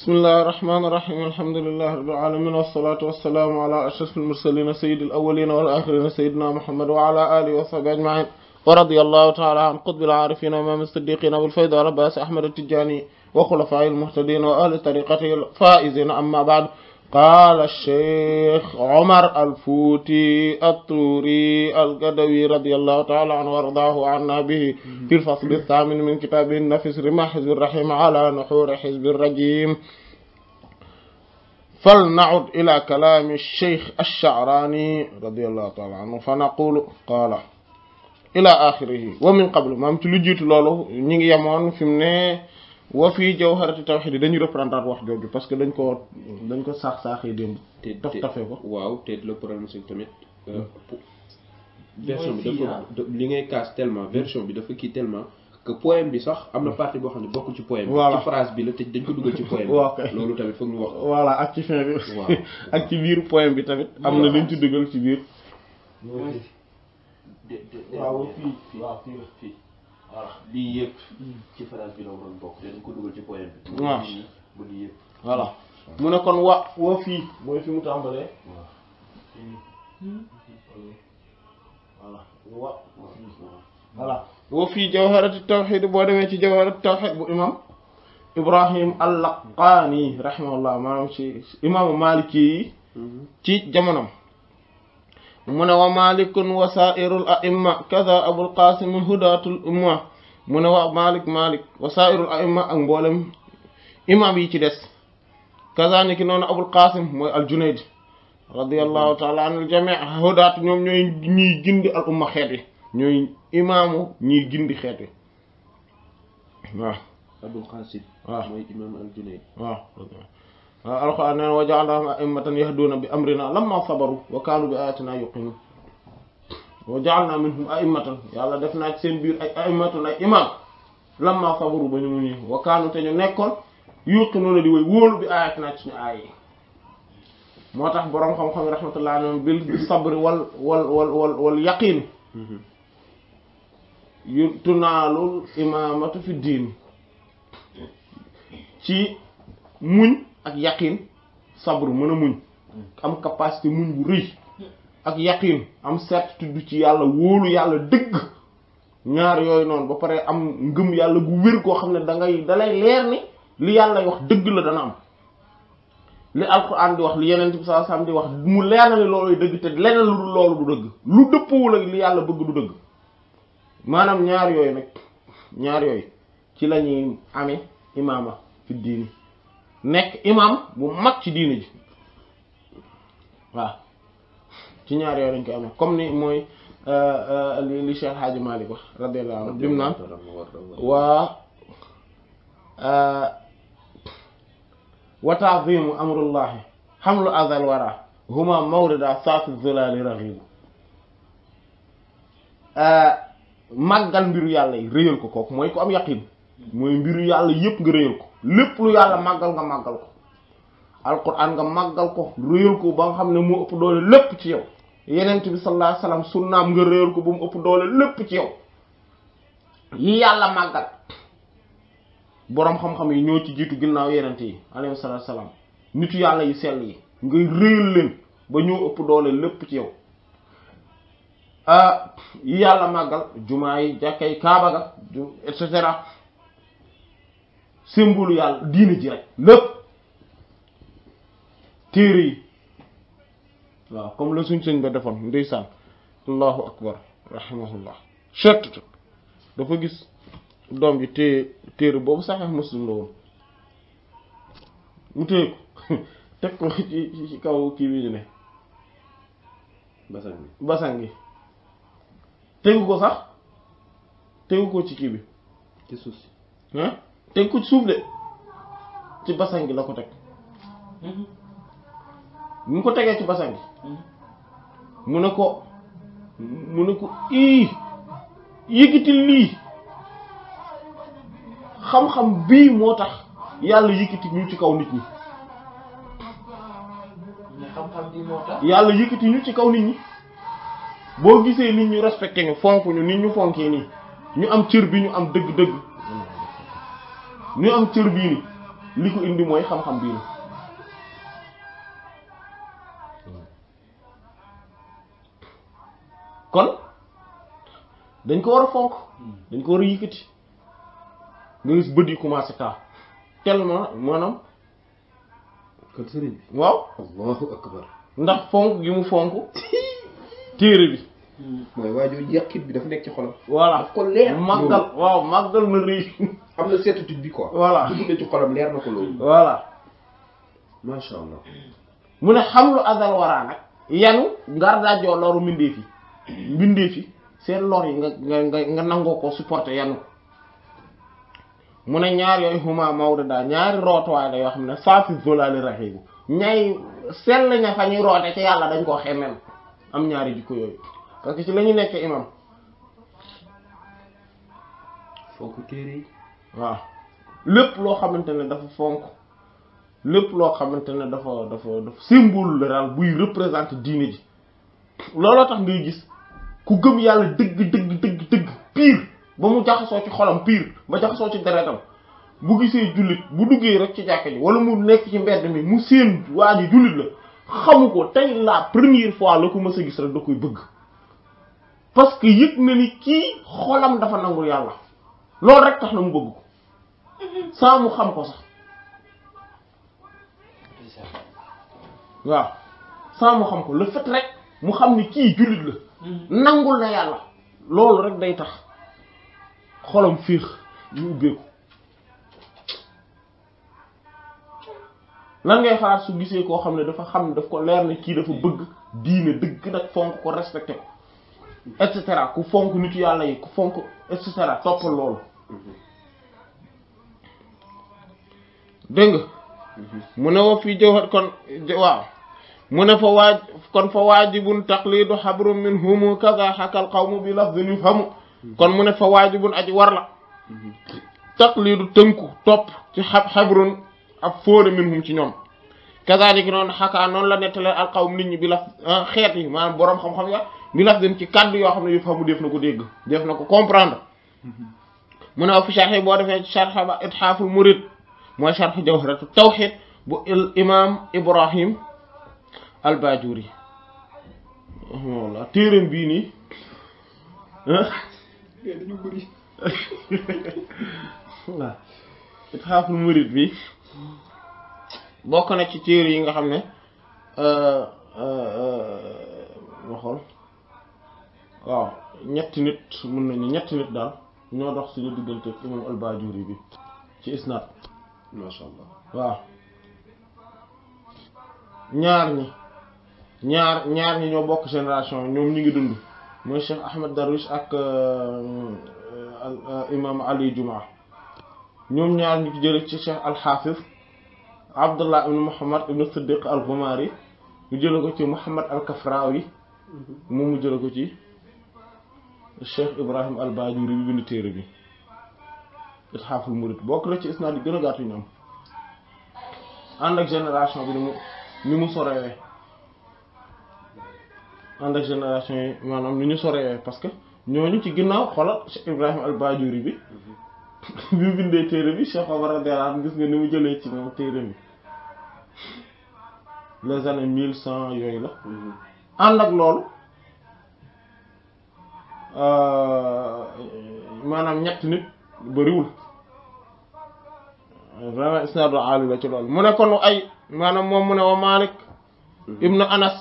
بسم الله الرحمن الرحيم الحمد لله رب العالمين والصلاة والسلام على أشرف المرسلين سيد الأولين والآخرين سيدنا محمد وعلى آله وصحبه أجمعين ورضي الله تعالى عن قطب العارفين إمام الصديقين أبو الفيض رباس أحمد التجاني وخلفائه المهتدين وأهل طريقته الفائزين أما بعد قال الشيخ عمر الفوتي الطوري القدوي رضي الله تعالى عنه وارضاه عنا به في الفصل الثامن من كتاب النفس رمى حزب الرحيم على نحور حزب الرجيم فلنعد إلى كلام الشيخ الشعراني رضي الله تعالى عنه فنقول قال إلى آخره ومن قبل ما متلجيت لولو نيجي يمون في منه wa fi jawharatu tawhid dañu reprendre wax jooju parce que dañ ko dañ ko sax sax yi dem te taf tafe ko waaw te le problème c'est tamit. Euh, hmm. version bi dafa li ngay casse tellement version bi dafa ki tellement. que poème bi sax amna hmm. partie bo xamni bokku ci poème. ci phrase bi la te dañ ko duggal ci poème. lolu tamit foog ñu wax. voilà ak ci fin bi. ak ci biir poème bi tamit. amna na luñ ci duggal ci biir. waaw fi fi fi voilà lii mu ne kon wa woo fii fi wa. voilà woo fii boo demee ci jawharatu tawxiid bu imam Ibrahim al-Laqaani rahimahullah ci imaamu Maliki yi. Mm-hmm. ci jamonom mu ne wa malikun wa sairul aimma kaza abul qasim hudatul umma mu ne wa malik malik wa sairul aimma ak mboolem imam yi ci des kaza ni ki noonu abul qasim mooy al junayd radiallahu taala an al jamii ñoom ñooy gindi al umma xeet yi ñooy imaamu ñiy gindi xeet yi alxuraan nee na wa ja'alnaahum a'immatan yahduuna bi amrinaa lammaa sabaru wa kaanu bi aayaatinaa yuqinuun wa ja'alnaa minhum a'immatan yàlla def naa ci seen biir ay a'immatan ay imaam lammaa sabaru ba ñu mu ñëw wa kaanu te ñu nekkoon yuqinuuna di way wóolu bi aayaatinaa ci suñu aay yi xam-xam rahmatullahi alayhim bil sabri wal wal wal wal wal yaqiin yu fi diin ci muñ ak yaqin sabru mën a muñ am capacité muñ bu rëy ak yaqin am certitude ci yàlla wóolu yàlla dëgg ñaar yooyu noonu ba pare am ngëm yàlla gu wér koo xam ne da dalay leer ni li yàlla wax dëgg la dana am li alquran di wax li yeneen bi saa alayhi di wax mu leer na ni looluy dëgg te leneen loolu du dëgg lu dëppwul li yàlla bëgg du dëgg maanaam ñaar yooyu nag ñaar yooyu ci la ñuy amee imaama fi nekk imam bu mag ci diine ji waaw ci ñaar yooyu dañ ko amee comme ni mooy euh, euh, li Cheikh Hadji Malick wax radiyallahu anhu waa euh, wa ta'zimu amrullahi hamlu azal wara huma mawrida saati zulali raxibu màggal mbiru yàlla yi réyal ko kooku mooy ko am yaqin mooy mbiru yàlla yépp nga réyal ko lépp lu yàlla màggal nga màggal ko alquran nga màggal ko réyal ko ba nga xam ne mu ëpp doole lépp ci yow yenent bi sallallahu alayhi wasallam sunnaam nga réyal ko ba mu ëpp doole lépp ci yow yi yàlla màggal boroom xam yi ñoo ci jiitu ginnaaw yenent yi alayhi salatu wasalam nitu yàlla yu sell yi ngay réyal ba ñoo ëpp doole lépp ci yow ah, yàlla màggal jumaa yi jàkkay kaaba ga et symbole yàlla diine ji rek lépp téere yi waaw comme la suñ sëñ ba defoon ndeysaan allahu akbar rahimahullah chett dafa gis doom ji téye téere boobu saxeex muslim la woon mu téye ko teg ko ci ci kaw kii bi ne basan gi basan gi tegu ko sax tegu ko ci kii bi ci suuf si ah teg souble, ci suuf de ci bassin gi la ko teg ñu hmm? ko tege ya ci bassin gi hmm? mu ne ko mu ne ko ii yëkkati lii xam-xam bi motax yalla yàlla ñu ci kaw nit ñi xam-xam ya, bii moo ñu ya ci kaw nit ñi bo gisee nit ñu respecté ñu fonku ñu nit ñu fonkee ni ñu am ciir bi ñu am deug deug ñu am cër bii ni li ko indi mooy xam-xam bii ni kon dañ ko war a fonk dañ ko war a yëkkati nga gis bët yi commencé taa tellement maanaam kon sëriñ waaw ndax fonk gi mu fonk téere bi mooy waajoo yàqit bi dafa nekk ci xolam ko leer màggal waaw màggal na rëy xam na certitude bi quoi. voilà ko loolu. voilà. macha mu ne xam lu azal waraa nag. yanu ngardaajoo loru mbindee fi mbindee seen lor yi nga nga nangoo ko supporter yanu mu ne ñaar yooyu huma Maodo daal ñaari rootuwaay la yoo xam ne saafi zolaali raxiim ñay sell ña fa ñuy roote ci yàlla dañ koo xemem am ñaari jikko yooyu parce que ci la ñu imam. yi. waaw lépp loo xamante ne dafa fonk lépp loo xamante ne dafa dafa dafa symbole la daal buy représenter diine ji looloo tax ngay gis ku gëm yàlla dëgg dëgg dëgg dëgg pire ba mu jaxasoo ci xolam pire ba jaxasoo ci deretam bu gisee jullit bu duggee rek ci jàkka ji wala mu nekk ci mbedd mi mu séen waa ji jullit la xamu ko tey la première fois la ko mës a gis rek da koy bëgg parce que yëg na ni kii xolam dafa nangul yàlla loolu rek tax na mu bëgg ko sans mu xam ko sax waaw sans mu xam ko le fait rek mu xam ni kii jullit la mm-hmm. nangul na yàlla loolu rek day tax xolam fiix yu ubbeeku lan ngay xalaat su gisee koo xam ne dafa xam ne daf ko leer ne kii dafa bëgg diine dëgg nag fonk ko respecté ko et cetera ku fonk nitu yàlla yi ku fonk et cetera toppal loolu mm-hmm. deng nga wa fi jawhar kon wa mu fa waj kon fa wajibun taqlidu xabrum minhum kadha haka alqawm bi lafdhin yafhamu kon mu fa wajibun aji warla taqlidu tanku top ci xab xabrun ab fóore minhum hum ci ñoom kazalik non haka non la nettalee alqawm nit ñi bi laf xet yi maanaam borom xam-xam ya bi laf din ci kàddu yo xam ne yu famu def nako deg def nako comprendre mu wa fi sharh bo defé sharh ba ithaful murid moy sharh jawharatu tawhid bu imam Ibrahim al-Bajuri rahimahullah téereem bii nii dañu bëri bi bokk na ci téere yi nga xam ne ma xool nit mën nañu nit daal ñoo dox suñu diggante imam al-Bajuri bi ci isnaad macha waaw ñaar ñi ñaar ñaar ñi ñoo bokk génération ñoom ñu ngi dund mooy Cheikh Ahmed Darwish ak euh, euh, euh, imam Ali Jumaa ñoom ñaar ñu jële ci Cheikh al-Hafiz Abdullah ibn Muhammad ibn Siddiq al-Ghumari mu jële ko ci Muhammad al-Kafrawi mhm. moom mu jële ko ci Cheikh Ibrahim al-Bajuri bi bind téere bi Ishaaqul Murid bokk na ci isnaad yi gën a gàtt yu ñu ànd ak génération bi ni mu ni mu sorewee ànd ak génération yi maanaam ni ñu sorewee parce que ñooñu ci ginnaaw xoolal Cheikh Ibrahim al bi bi mu bindee téere bi Cheikh Omar radiyallahu gis nga ni mu jëlee ci moom téere bi les années mille cent yooyu la ànd ak loolu euh, maanaam ñett nit bëriwul vraiment isnaadu aali ci loolu mu ne kon ay maanaam moom mu ne wa Malik ibnu Anas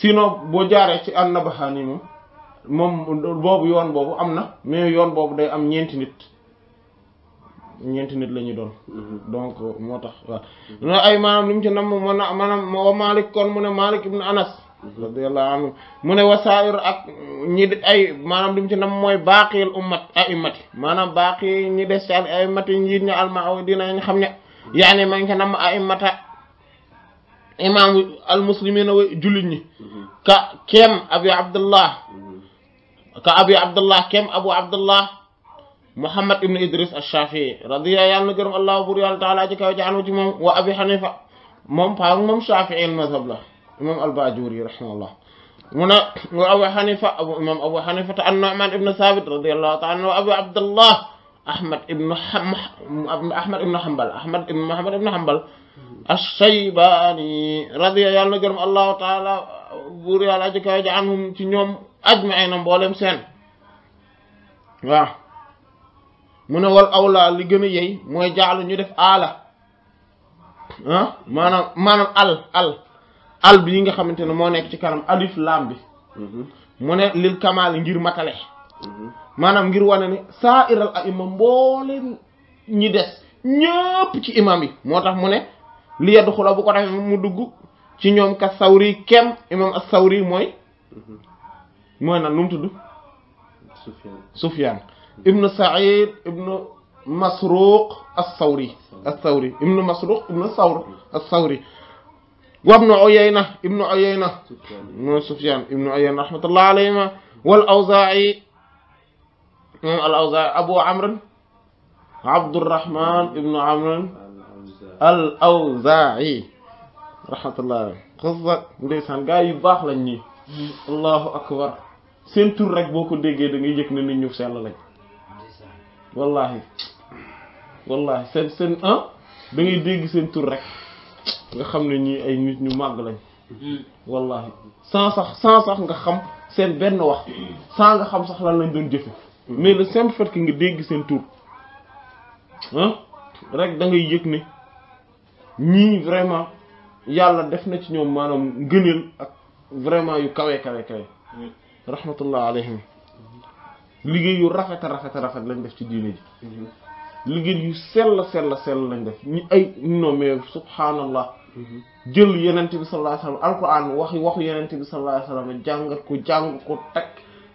sinon boo jaaree ci an nabaxaani moom moom boobu yoon boobu am na mais yoon boobu day am ñeenti nit ñeenti nit lañuy doon donc moo tax waaw ay maanaam li ci nam maanaam wa Malik kon mu ne Malik ibnu Anas radiyallahu anhu mu ne wasaayir ak ñi ay maanaam li mu ci na mooy baaqiyal ummat a'immati maanaam baaqi ñi des ci al a'immati njiit ñi almaaw dina ñu xam ne yaani ma ngi ci nam a'immata imaam al muslimina wa jullit ñi mm-hmm. ka keem abi abdullah mm-hmm. ka abi abdullah keem abu abdullah muhammad ibn idris ash-shafi'i radiya yàlla na gërëm allah bur yàlla taala ci kaw ci anu ci moom wa abi hanifa moom paa moom shafi'i al la امام الباجوري رحمه الله من ابو حنيفه ابو امام ابو حنيفه عن نعمان ابن ثابت رضي الله تعالى عنه ابو عبد الله احمد ابن حم احمد ابن حنبل احمد ابن محمد ابن حنبل الشيباني رضي الله جرم الله تعالى بور يالا جكا عنهم تي نيوم اجمعين مبولم سن وا من وال اولى لي گنا يي موي جالو ني ديف الا ها مانام مانام ال ال al bi nga xamantene mo nek ci kanam alif lam bi mhm. lil kamal ngir matale manam mhm. ngir wane ne saa imam boleh ñi dess ñepp ci imam yi motax tax ne li bu ko mu dugg ci ñom ka sawri kem imam as sawri moy mhm. mooy nan nu mu Sufyan, sufyaan ibnu said ibnu masruq as sawri as sawri ibnu masruq ibnu sawr as sawri وابن عيينة ابن عيينة سفيان ابن سفيان ابن عيينة رحمة الله عليهما والأوزاعي الأوزاعي أبو عمرو عبد الرحمن ابن عمرو الأوزاعي رحمة الله عليه قصة ليسان قاي باخ لني الله أكبر سنتور رك بوكو ديجي دنجي يك نني نيو سيلا لك والله والله سن سن ها دنجي ديجي سنتور رك nga xam ne ñii ay nit ñu màgg lañ hmm. wallahi sans sax sans sax nga xam seen benn wax sans nga xam sax lan lañ doon jëfe hmm. mais le simple fait que nga dégg seen tur ah rek da ngay yëg ne ñii vraiment yàlla def na ci ñoom maanaam ngëneel ak vraiment yu kawe kawe kawe hmm. rahmatullah alayhim liggéey yu rafet a rafet rafet lañ def ci diine ji liggéey yu sell sell sell lañ def ñu ay non mais subhaanallah mhm. jël yenente bi sallallahu alayhi wasallam alquran wax waxu yenente bi sallallahu alayhi wasallam jàngat ko jàng ko takk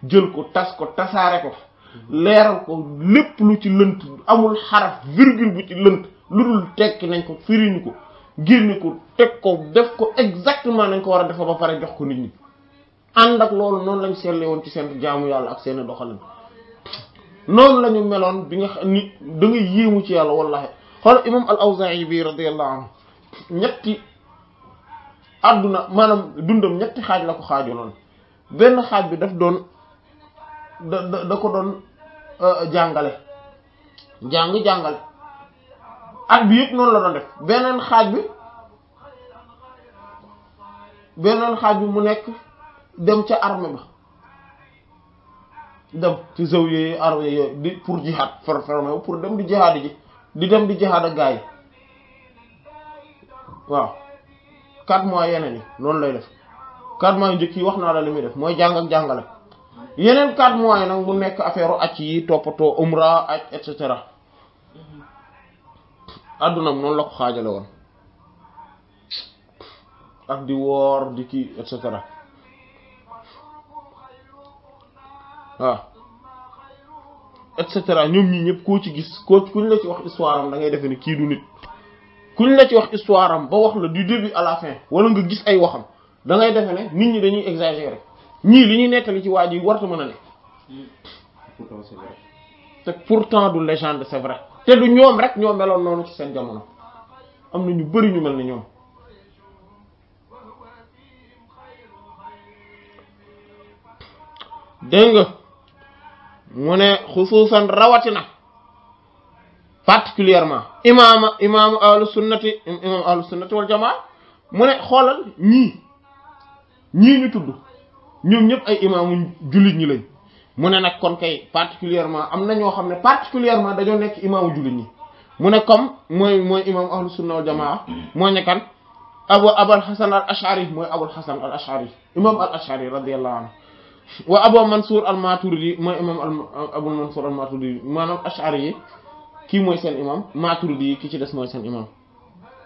jël ko tas ko tasaare ko mhm. leeral ko lépp lu ci lënt amul xaraf virgule bu ci lënt lu dul tekki nañ ko firiñu ko génne ko teg ko def ko exactement nañ ko war a defa ba pare jox ko nit ñi ànd ak loolu noonu lañ seetlee woon ci seen jaamu yàlla ak seen doxalin noonu la ñu meloon bi nga xam ni da nga yéemu ci yàlla wallahi xool imam al awzaa'i bi radiyallahu anhu ñetti àdduna maanaam dundam ñetti xaaj la ko xaaju xaajuloon benn xaaj bi daf doon da da ko doon euh, jàngale jàng jàngale at bi yëpp noonu la doon def beneen xaaj bi beneen xaaj bi mu nekk dem ca armée ba dem ci zow yooyu arab yooyu di pour jihad ferfermé pour dem di jihad ji di dem di jihad ak gaay waaw quatre mois yeneen yi noonu lay def quatre mois njëkk yi wax naa la li def mooy jàng ak jàngale yeneen quatre mois yi nag nekk affaire acc yi toppatoo umra aj et cetera addunam noonu la ko xaajale woon ak di woor di kii et cetera waaw et cetera ñoom ñi ñëpp koo ci gis koo kuñ la ci wax histoire am da ngay defe ne kii du nit kuñ la ci wax histoire ba wax la du début à la fin wala nga gis ay waxam da ngay defe ne nit ñi dañuy exagérer ñii li ñuy ci warta a ne te pourtant du légende c'est vrai te du ñoom rek ñoo meloon noonu ci seen jamono am ñu bari ñu mel ni ñoom mu ne xusuusan rawatina particulièrement imaama imaamu ahlu sunnati imaamu ahlu sunnati wal mu ne xoolal ñii ñii ñu tudd ñoom ñëpp ay imaamu jullit ñi lañ mu ne nak kon kay particulièrement am na ñoo xam ne particulièrement dañoo nekk imaamu jullit ñi mu ne comme mooy mooy imaamu ahlu sunna wal moo nekkan abu abul hasan al ashari mooy abul hasan al ashari imaam al ashari radiyallahu anhu wa Abu mansur al-Maturidi mooy imam al Abu mansur al-Maturidi manam Ash'ari ki moy sen imam Maturidi ki ci dess moy sen imam.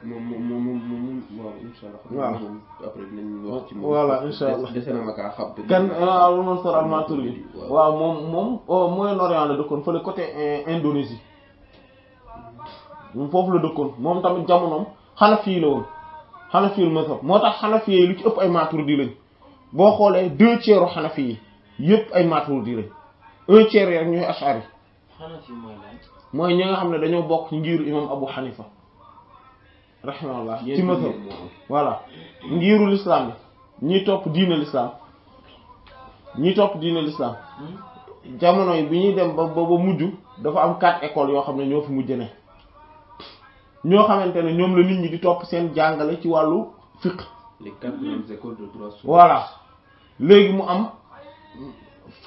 mom mom mom mom wa inshallah waaw après dinañ wax ci moom. voilà incha allah dese na kan Abu Mansour al-Maturidi. waaw moom moom Moyen-Orient la dëkkoon fële côté Indonésie foofu la dëkkoon moom tamit jamono Hanafi la woon Hanafi al-mazhab moo tax lu ci ëpp ay Maturidi lañ. bo xolé deux tiers u yépp ay maturidi la un tiers yak ñoy ashari xanafi ñi nga xamne dañoo bok ngir imam Abu Hanifa rahimahullah ci mazhab voilà ngiiru l'islam bi ñi topp diine l'islam ñi top diine l'islam hmm? jamono bi ñi dem ba ba muju dafa am quatre écoles yo xamne ne ñoo fi mujj ne ñoo xamante ne la nit ñi di top seen jangale ci walu fiqh les quatre grandes mhm. écoles de droit sont voilà légui mu am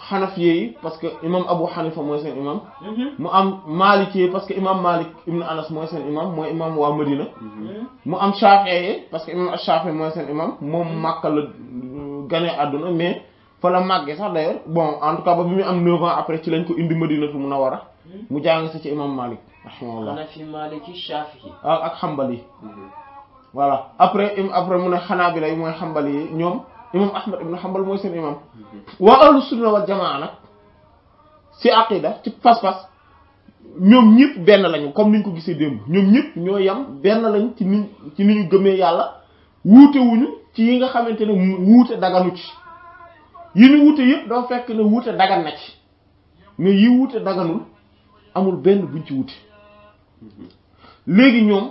xanafiye parce que imam Abu Hanifa moy sen imam. Mhm. mu am maalikiye parce que imam Malik ibn Anas moy sen imam moy imam wa Medina. Mhm. mu am Shafi'i parce que imam Shafi'i moy sen imam moom Makka la aduna mais fa la màggee sax d'ailleurs bon en tout cas ba bi am 9 ans après ci lañ ko indi Madinatu Munawwara mu jàng sa ci imam Malik. rahimahullah hanafi Maliki Shafi'i ah, ak Hanbali. voilà après après mu ne xanaabila yi mooy xambal yi ñoom imam ahmad ibn xambal mooy seen imam mhm. waa ahlu sunna wal jamaa nag ci aqida ci pas-pas ñoom ñëpp benn lañu comme niñ ko gisee démb ñoom ñëpp ñoo yam benn lañ ci ni ci ni ñu gëmee yàlla wuute ci yi nga xamante ne wuute daganu ci yi ñu wuute yëpp doo fekk ne wuute dagan na ci mais yi wuute daganul amul benn buñ ci wuute mhm. léegi ñoom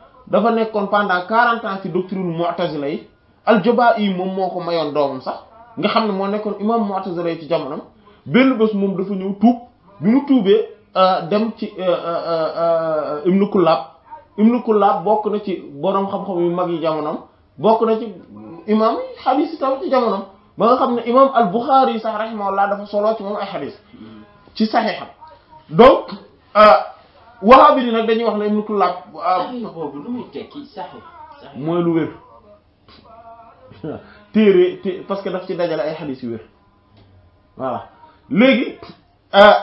dafa nekkon pendant 40 ans ci doctrine mu'tazila yi al jaba'i mom moko mayon doom sax nga xamne mo nekkon imam mu'tazila ci jamono benn bés mom dafa ñëw tuub bi mu tuubé dem ci ibn kulab ibn kulab bok na ci borom xam-xam yu mag yi jamono bok na ci imam hadith taw ci jamono ba nga xamne imam al-Bukhari sax rahimahullah dafa solo ci mom ay hadith ci sahiha donc wahaabi yi nag dañuy wax ne mu tullaab. saxiix ah, boobu lu muy mooy lu wér. téere parce que daf ci dajale ay xadiis yu wér voilà léegi euh,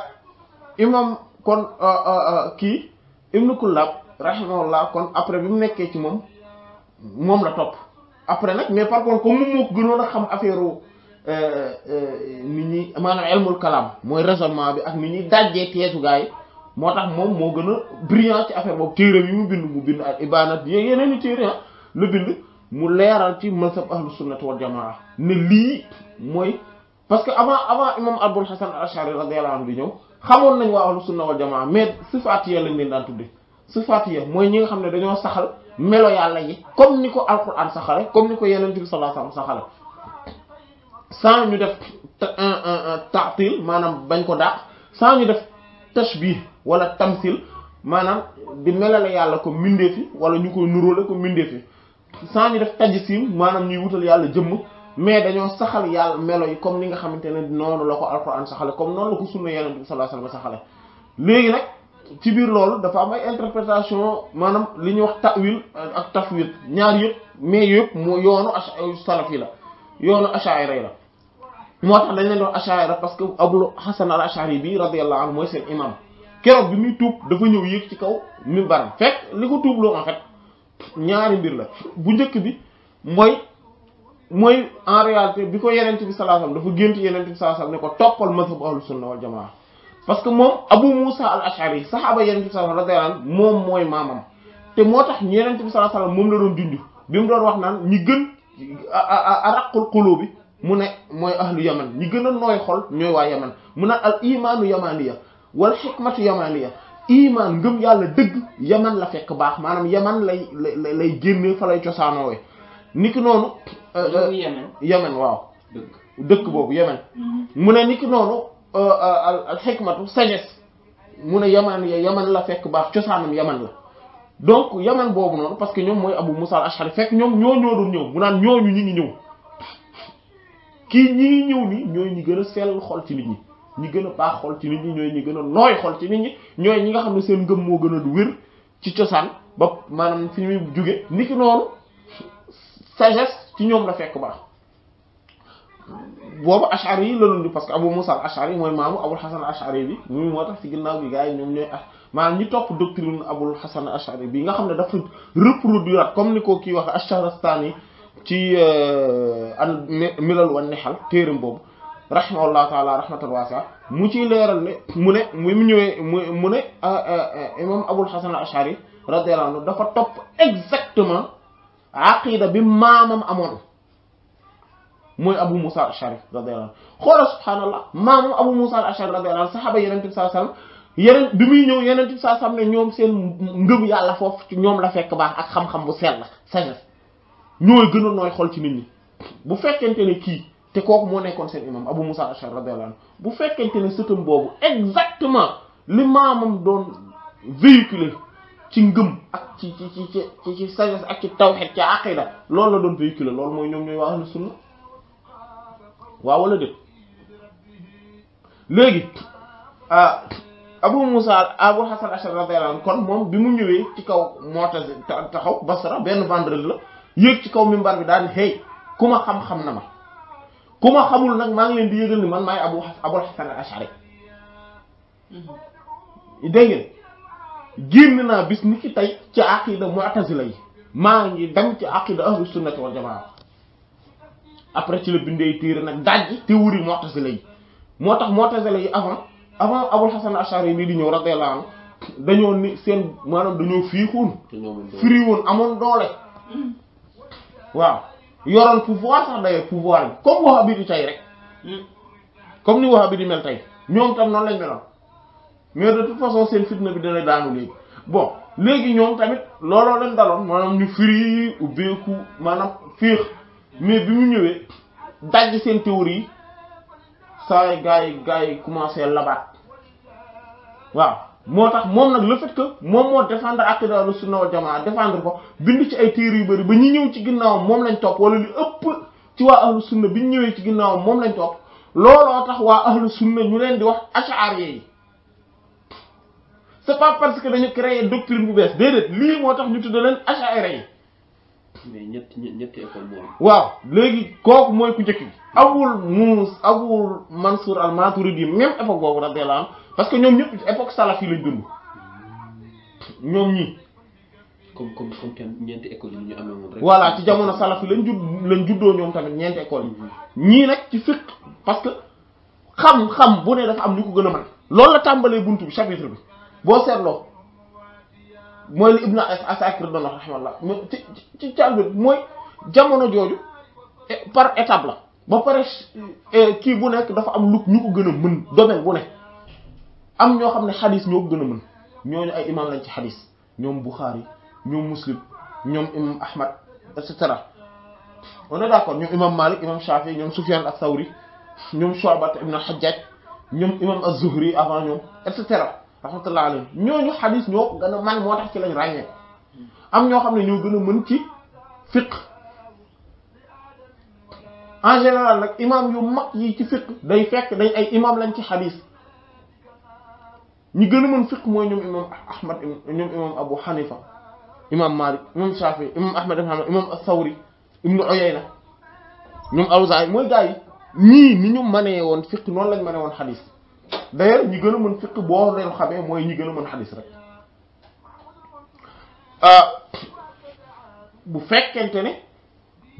imam kon euh, euh, kii ibnu kullab rahimahullah kon après bi mu nekkee ci moom moom la topp après nag mais par contre comme moom moo ko gënoon a xam affaire nit ñi maanaam elmul kalaam mooy raisonnement bi ak nit ñi dajjee teesu gaa yi moo tax moom moo gën a brillant ci affaire boobu téeram yi mu bind mu bind ak ibanat y yeneen i téere ah la bind mu leeral ci mazhab ahlu sunnati wal jamaa ne lii mooy parce que avant avant imam abul hasan al ashari radiyallahu anhu bi ñëw xamoon nañ waa ahlu sunna wal jamaa mais sifaatiya lañ leen daan tudde sifaatiya mooy ñi nga xam ne dañoo saxal melo yàlla yi comme ni ko alquran saxale comme ni ko yeneen bi sallallahu alayhi wasallam saxale sans ñu def ta'til maanaam bañ ko daax sans ñu def tashbih wala tamsil maanaam di la yàlla ko mbindeef yi wala ñu koy nuróole ko mbindeef yi sans ñu def tajsim maanaam ñuy wutal yàlla jëmm mais dañoo saxal yàlla melo yi comme ni nga xamante ne noonu la ko alquran saxale comme noonu la ko sunna yonent bi sallallahu alayhi wasallam saxale léegi nag ci biir loolu dafa am ay interprétation maanaam li ñuy wax ta'wil ak tafwid ñaar yëpp mais yëpp moo yoonu as salaf yi la yoonu ash'ari la motax dañ leen do achaira parce que abul hasan al ashari bi radiyallahu anhu moy sen imam kérok bi mi toup dafa ñew yek ci kaw mimbar fek li ko lo en fait ñaari mbir la bu ñëk bi moy moy en réalité biko ko yenent bi sallallahu alayhi wasallam dafa gënt yenent bi sallallahu alayhi wasallam ne ko topal mazhab ahlus sunna wal jamaa parce que mom abu musa al ashari sahaba yenent bi sallallahu alayhi wasallam radiyallahu anhu moom mooy maamam te moo tax yenent bi sallallahu alayhi wasallam moom la doon junj bimu doon wax naan ñi gën araqul xuloo bi mu ne mooy ahlu yaman ñi gën a nooy xol ñooy waaye yaman mu ne al imaanu yamaniya wal xikmatu yamaniya imaan ngëm yàlla dëgg yaman la fekk baax maanaam yaman lay lay lay génnee fa lay cosaanoowee niki noonu. Euh, euh, yaman waaw. dëkk boobu yaman mm-hmm. mu ne niki noonu euh, al al xikmatu sagesse mu ne yaman ya yaman la fekk baax cosaanam yaman la. donc yaman boobu noonu parce que ñoom mooy Abu Musa al Ashari fekk ñoom ñoo ñoo doon ñëw mu naan ñooñu ñu ngi ñëw. kii ñii ñëw nii ñooy ñi gën a sell xol ci nit ñi ñi gën a baax xol ci nit ñi ñooy ñi gën ci nit ñi ñi nga xam ne seen ngëm moo gën a du wér ci cosaan ba maanaam fi muy jóge niki noonu sagesse ci ñoom la fekk baax boobu ashari yi la doon di parce que mooy maamu Abul Hasan al-Ashari bi muy moo tax ci ginnaaw gi gars yi ñoom ñooy ah maanaam ñi topp doctrine Abul Hasan al-Ashari bi nga xam ne dafa reproduire comme ni ko kii wax Asharastani yi ci al milal wan nihal téeram boobu rahimahullahu taala rahmatan waasi'a mu ciy leeral ne mu ne mu ñëwee mu ne imam abul hasan al ashari radiyallahu anhu dafa topp exactement aqida bi maamam amoon mooy abu musa al ashari radiyallahu anhu xoola subhaanallah maamam abu musa al ashari radiyallahu anhu saxaaba yeneen bi saa sallam yeneen bi muy ñëw yeneen bi saa sallam ne ñoom seen ngëm yàlla foofu ci ñoom la fekk baax ak xam-xam bu sell la sagesse ñooy gën a nooy xol ci nit ñi bu fekkente ne kii te kooku moo nekkoon seen imam Abu Musa Ash'ari radiyallahu anhu bu fekkente ne sëtam boobu exactement li maamam doon véhiculer ci ngëm ak ci ci ci ci ci sagesse ak ci tawhid ci aqida loolu la doon véhiculer loolu mooy ñoom ñooy waa ahlu sunna waaw wala déet léegi ah, Abu Musa Abu Hasan Ash'ari radiyallahu anhu kon moom bi mu ñëwee ci kaw Mu'tazila taxaw Basra benn vendredi la yéeg ci kaw mbar bi daan hey ku ma xam-xam na ma ku ma xamul nag maa ngi leen di yëgal ni man maay abu abul hasan al ashari mm-hmm. dégg naa bis ni ki tey ci aqida mu'tazila yi maa ngi dem ci aqida ahlu sunnati wal jamaa après ci la bindee téere nag dajji théorie mu'tazila yi moo tax mu'tazila yi avant avant abul hasan al ashari nii di ñëw radiyallahu anhu dañoo ni seen maanaam dañoo fiixuun firiwoon amoon doole mm-hmm. waaw yoroon pouvoir sax day pouvoir bi comme wahhabi di tey rek hmm. comme ni wahhabi di mel tey ñoom tam noonu lañ meloon mais de toute façon seen fitna bi dana daanu léegi bon léegi ñoom tamit looloo leen daloon maanaam ñu firi ubbeeku maanaam féex mais bi mu ñëwee daj seen théorie yi saa yi gars gars yi commencé labaat waaw motax mom nak le fait que mom mo défendre akida lu sunna wal jamaa défendre ko bind ci ay téere yu bari ba ñi ñew ci ginnaw mom lañ top wala li ëpp ci wa ahlus sunna bi ñewé ci ginnaw mom lañ top lolo tax wa ahlus sunna ñu leen di wax ash'ari yi c'est pas parce que dañu créer doctrine bu bess dedet li motax ñu tuddé leen ash'ari yi mais ñet ñet école mo waaw légui koku moy ku jëk bi abul mus abul mansour al maturidi même époque bobu radhiyallahu anhu parce que ñoom ñëpp époque salaf yi lañ dund ñoom ñii. comme comme comme ñeenti école yi ñu amee woon rek. voilà ci jamono salaf yi lañ judd lañ juddoo ñoom tamit ñeenti école yi. ñii nag ci fiqh parce que xam-xam bu ne dafa am ñu ko gën a mën. loolu la tàmbalee bi chapitre boo seetloo mooy li Ibn Asakir doon wax rahimahullah ci jamono jooju eh, par la. ba pare eh, kii bu nekk dafa am lu ñu ko gën a mën domaine bu ne. am ño xamne hadith ño gëna mën ño ay imam lañ ci hadith ñom Bukhari ñom Muslim ñom imam Ahmad et cetera on est d'accord ñoom imam Malik imam Shafi ñom Sufyan ath-Thawri ñom Shu'ba ibn hajjaj ñom imam az-Zuhri avant ñom et cetera rahmatullah alayhim ñooñu xadis ñoo gën a man moo tax ci lañ ragné am ño xamne ño gëna mën ci fiqh en général nak imam yu mak yi ci fiqh day fekk day ay imam lañ ci hadith ñi gëna mëna fekk moy ñom imam ahmad ñom imam abu hanifa imam malik ñom shafi imam ahmad ibn hanbal imam as-sawri ibn uyayna ñom awzaay moy gaay ñi ni ni ñu mané won fekk non lañ mané won hadith d'ailleurs ñi gëna mëna fekk bo leen xamé moy ñi gëna mëna hadith rek ah bu fekkante ne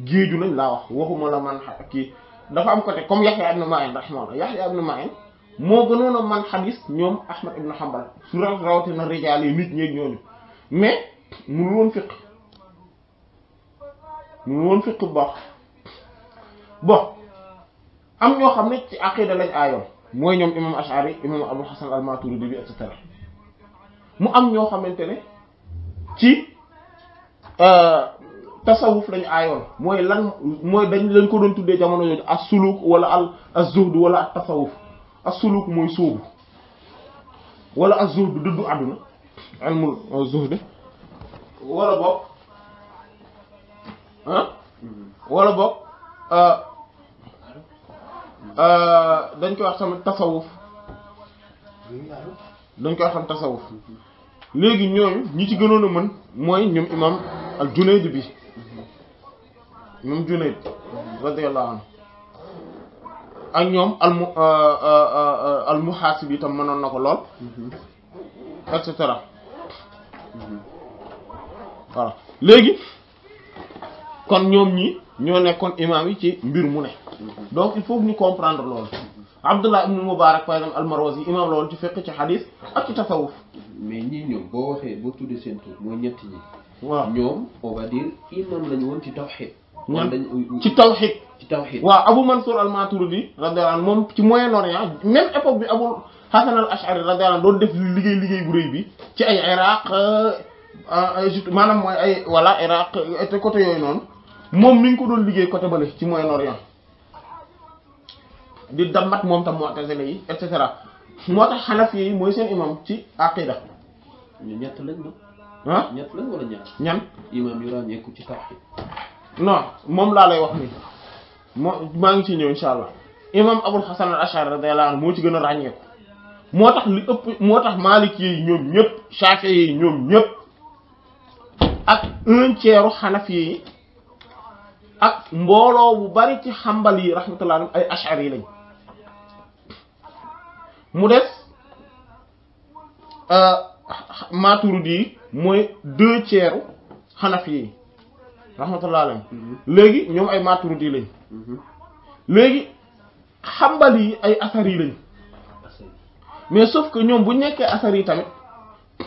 geejju nañ la wax waxuma la man kii dafa am côté comme yahya ibn ma'in rahimahullah yahya ibn ma'in moo gënoon a man xadis ñoom Ahmad ibn Hanbal su raw rawatina rijaal yi nit ñeeg ñooñu mais mënul woon fiq mënul woon fiq bu baax am ñoo xam ne ci aqida lañ aayoon mooy ñoom imam Ash'ari imam Abul Hasan al-Maturidi bi et cetera mu am ñoo xamante ne ci euh, tasawuf lañu aayoon mooy lan mooy dañ lañ ko doon tuddee jamono yooyu as-suluk wala al az-zuhd wala at-tasawuf as-suluk mooy sóobu wala ak zuhd dëddu àdduna almul zuhd wala boog ah euh, euh, dañ koy wax tamit tasawuf dañ koy wax tamit tasawuf léegi ñooñu ñi ci gënoon a mën mooy ñoom imam al Junayd bi ñoom Junayd radiyallahu anhu ak ñoom almu euh, euh, euh, almuhaasib itam mënoon na ko lool mhm. et cetera voilà léegi kon ñoom ñi ñoo nekkoon imaam yi ci mbir mu ne mhm. donc il faut ñu comprendre loolu Abdullah ibn Mubarak par exemple al-Marwazi imaam la ci fiqh ci xadis ak ci tasawuf mais ñii ñoom boo waxee boo tuddee seen tur mooy ñett ñi ñoom on va dire lañu woon ci tawhid ci tawhid ci tawhid waaw Abu Mansour al-Maturidi radiyallahu anhu moom ci Moyen-Orient même époque bi Abu Hasan al-Ash'ari radiyallahu anhu doon def liggéey liggéey bu rëy bi ci ay Iraq Égypte maanaam mooy ay voilà Iraq et côté yooyu noonu moom mi ngi ko doon liggéey côté bële ci Moyen-Orient di dammat moom tam Mu'tazila yi et cetera moo tax Hanafi yi mooy seen imam ci aqida ñett lañ ah ñett lañ wala ñaar ñan imam yu ràññeeku ci tawhid non mom la lay wax ni ma ngi ci ñew inshallah allah imam abul Hasan al ashari radiyallahu anhu mo ci gëna rañé motax li ëpp motax tax maalik yi ñoom ñëpp shaafi yi ñëpp ak un tiers xanaf yi ak mbolo bu bari ci xambal yi ay ashari lañ mu euh maturidi moy deux tiers xanaf yi rahmatullah alayhi mm-hmm. léegi ñoom ay yi lañ mm-hmm. léegi xambal yi ay asari lañ mais sauf que ñoom bu nekkee yi tamit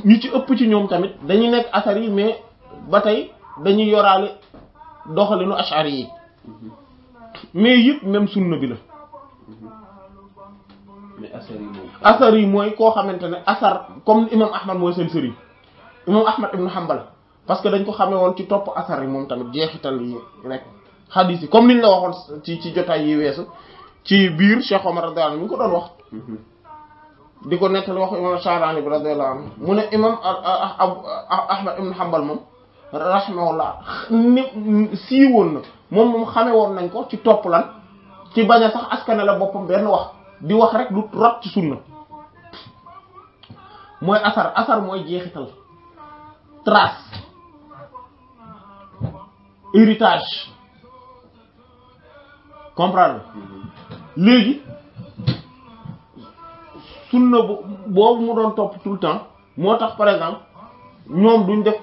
ñu ci ëpp ci ñoom tamit dañuy nekk asari mais ba tey dañuy yoraale doxalinu ashari yi mm-hmm. mais yëpp même sunna bi la yi mooy koo xamante ne asar comme imam ahmad mooy seen sëriñ imam ahmad ibnu hambal parce que dañ ko xamé won ci top asar yi mom tamit jeexital yi nek hadith yi comme niñ la waxon ci ci jotay yi wessu ci bir Cheikh Omar radhiyallahu anhu ko don wax mhm. diko netal wax imam Sha'rani radhiyallahu anhu mune imam ah, ah, ah, Ahmad ibn Hanbal mom rahmalahu ni won na mom mom xamé won nañ ko ci top lan ci baña sax askana la bopam ben wax di wax rek lu rot ci sunna moy asar asar moy jeexital trace héritage comprendre mhm. léegi sunna bobu mu don top tout le temps motax par exemple ñom duñ def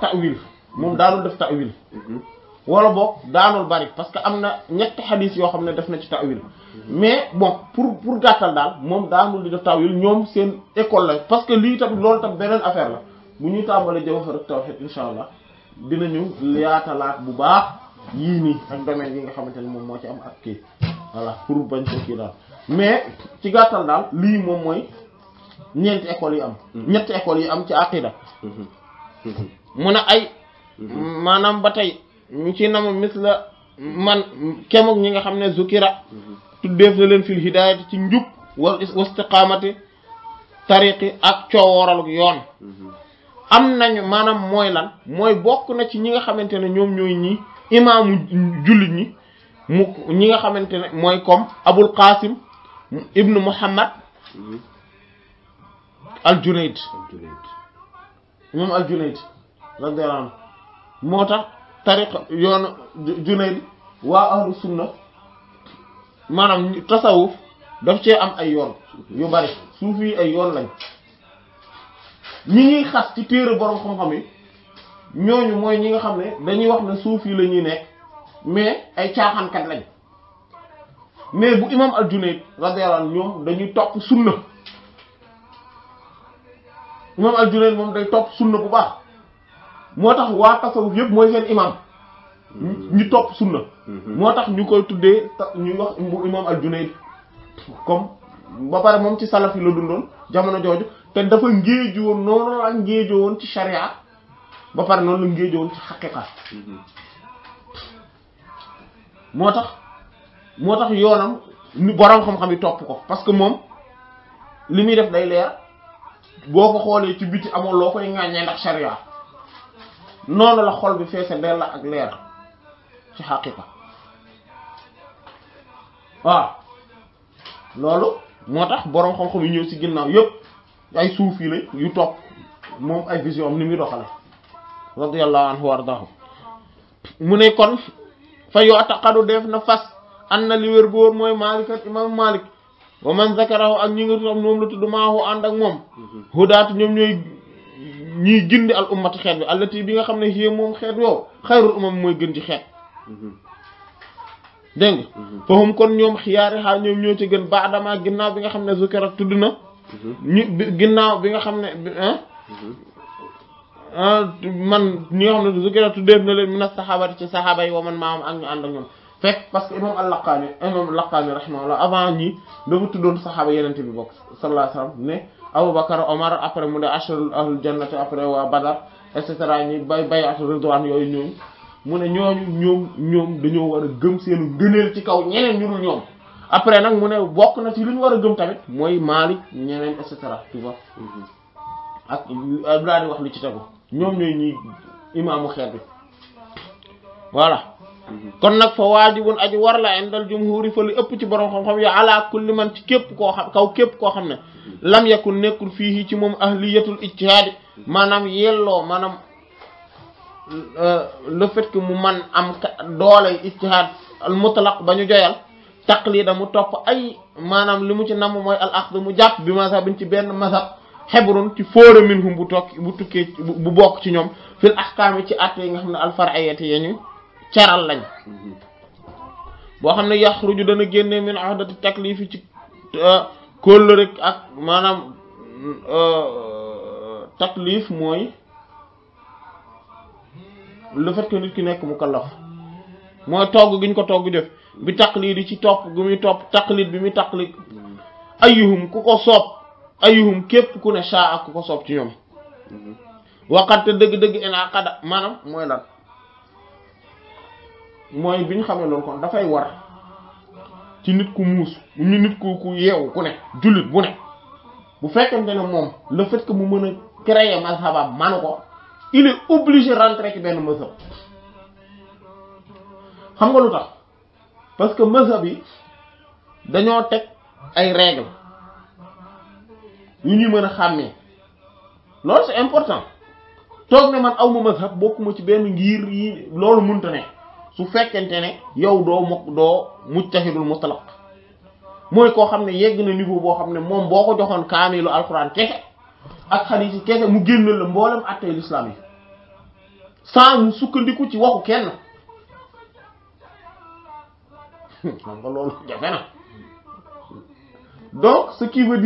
ta'wil mom daanul def ta'wil mhm. wala bok daanul bari parce que amna na hadith yo yoo def na ci ta'wil mhm. mais bon pour pour gàttal daal mom daanul di def ta'wil ñom seen école la parce que lii tamit loolu tam beneen affaire la bu ñuy tàmbalee jawhar tawhid inshallah dinañu yaatalaat bu baax yii nii ak domaine yi nga xamante ne moom moo ci am ak kii voilà pour bañ ko kii daal mais ci gàttal daal lii moom mooy ñeenti école yi am mm-hmm. ñetti école yi am ci aqida mm-hmm. mm-hmm. mun a ay maanaam ba tey ñu ci nam misla man kemoog ñi nga xam ne zukira tuddeef na leen fil hidayati ci njub wal istiqamati tariqi ak coowooral yoon am nañu maanaam mooy lan mooy bokk na ci ñi nga xamante ne ñoom ñooy ñi imaamu jullit ñi mu ñi nga xamante ne mooy comme abul qasim ibnu muhammad al junayd moom al junayd radiyallahu anhu moo tax tariqa yoonu junayd waa ahlu sunna maanaam tasawuf daf cee am ay yoon yu bari suufi ay yoon lañ ñi ñuy xas ci téere borom xam-xam yi ñooñu mooy ñi nga xam ne dañuy wax ne suuf yi la ñuy nekk mais ay caaxaankat lañ mais bu imam al-Junayd radiyallahu anhu ñoom dañuy topp sunna imam al moom day topp sunna bu baax moo tax waa tasawuf yëpp mooy seen imam mm-hmm. ñu topp sunna mm-hmm. moo tax ñu koy tuddee ñu wax bu imam al-Junayd comme ba pare moom ci salaf yi la dundoon jamono jooju te dafa ngéeju woon noonu la ngéeju woon ci sharia ba pare noonu la ngéeju woon ci xaqiqa moo tax moo tax yoonam ni borom xam-xam yi topp ko parce que moom li muy def day leer boo ko xoolee ci biti amoo loo koy ŋàññee ndax sharia noonu la xol bi feese dell ak leer ci xaqiqa waaw loolu moo tax borom xam-xam yi ñëw si ginnaaw yëpp. ay suufi la yu topp moom ay vision am ni muy doxale radiyallahu anhu wardahu mu ne kon fa yoo taqadu def na fas an na li wér mooy Maalik ak imam Maalik wa man zakarahu ak ñi nga xam moom la tudd maahu ànd ak moom hudaatu ñoom bi nga xam ne xiyé moom xeet yow xayrul umam mooy gën ci xeet dégg nga mm-hmm. kon ñoom xiyaari xaa ñoom ñoo ci gën baadama ginnaaw bi nga xam ne zukara tudd na ñu ginnaaw bi nga xam ne ah, man ñi nga xam ne zukira na leen mina saxaabati ci saxaaba yi wa man maam ak ñu ànd ak ñoom fekk parce que imam al-Laqaani imam al-Laqaani avant ñi dafa tuddoon saxaaba yeneen bi bokk sallallahu alayhi wa sallam ne Abu Bakar Omar après mu ne asharul ahlul jannati après waa Badar et cetera ñi bay bayatu ridwaan yooyu ñoom mu ne ñooñu ñoom ñoom dañoo war a gëm seenu gëneel ci kaw ñeneen ñu dul ñoom après nag mu ne bokk na ci li ñu war a gëm tamit mooy Maalik ñeneen et cetera tu vois mhm. ak di wax lu ci tegu ñoom ñooy ñi imaamu xeet bi voilà mhm. kon nag fa waajibun aji war la indal jumhuri fa li ëpp ci borom xam-xam ya ala kulli man képp koo xam kaw képp koo xam ne mhm. lam yakun nekkul fii ci moom ahliyatul ijtihaadi maanaam yelloo maanaam euh, le fait que mu man am doole ijtihaad al mutlaq ba ñu joyal taqlida mu topp ay maanaam li mu ci namm mooy al axd mu jàpp bi mazhabin ci benn mazhab xebrun ci fóora minhum bu tokk bu tukkee bu bokk ci ñoom fil ahkaami ci atte yi nga xam ne al far'iyati ya ñu caral lañ boo xam ne yaxruju dana génne min ahdati taklifi ci euh, kóllëre ak maanaam euh, taklif mooy le fait que nit ki nekk mukallaf mooy togg gi ñu ko togg def bi taqlid yi ci topp gu muy topp taqlid bi muy taqlid ayuhum ku ko soob ayuhum képp ku ne saa ak ku ko soob ci ñoom waxatte dëgg-dëgg inaqada maanaam mooy lan mooy bi ñu xamee loolu kon dafay war ci nit ku muus ñu nit ku ku yeewu ku ne jullit bu ne bu fekkente ne moom le fait mu mën a créer mazhabam manu ko il est obligé rentrer ci benn mazhab xam nga lu tax parce que mazhab yi dañoo teg ay règles yu ñuy mën a xàmmee loolu c'est important toog ne man aw ma mazhab bokkuma ci benn ngir yi loolu munta ne su fekkente ne yow doo mo doo mujtahidul mutlaq mooy koo xam ne yegg na niveau boo xam ne moom boo ko joxoon kaamilu alxuraan kese ak xadiis yi kese mu génnal la mboolem attey l'islam yi sans sukkandiku ci waxu kenn xam nga loolu jafe na donc ce qui veut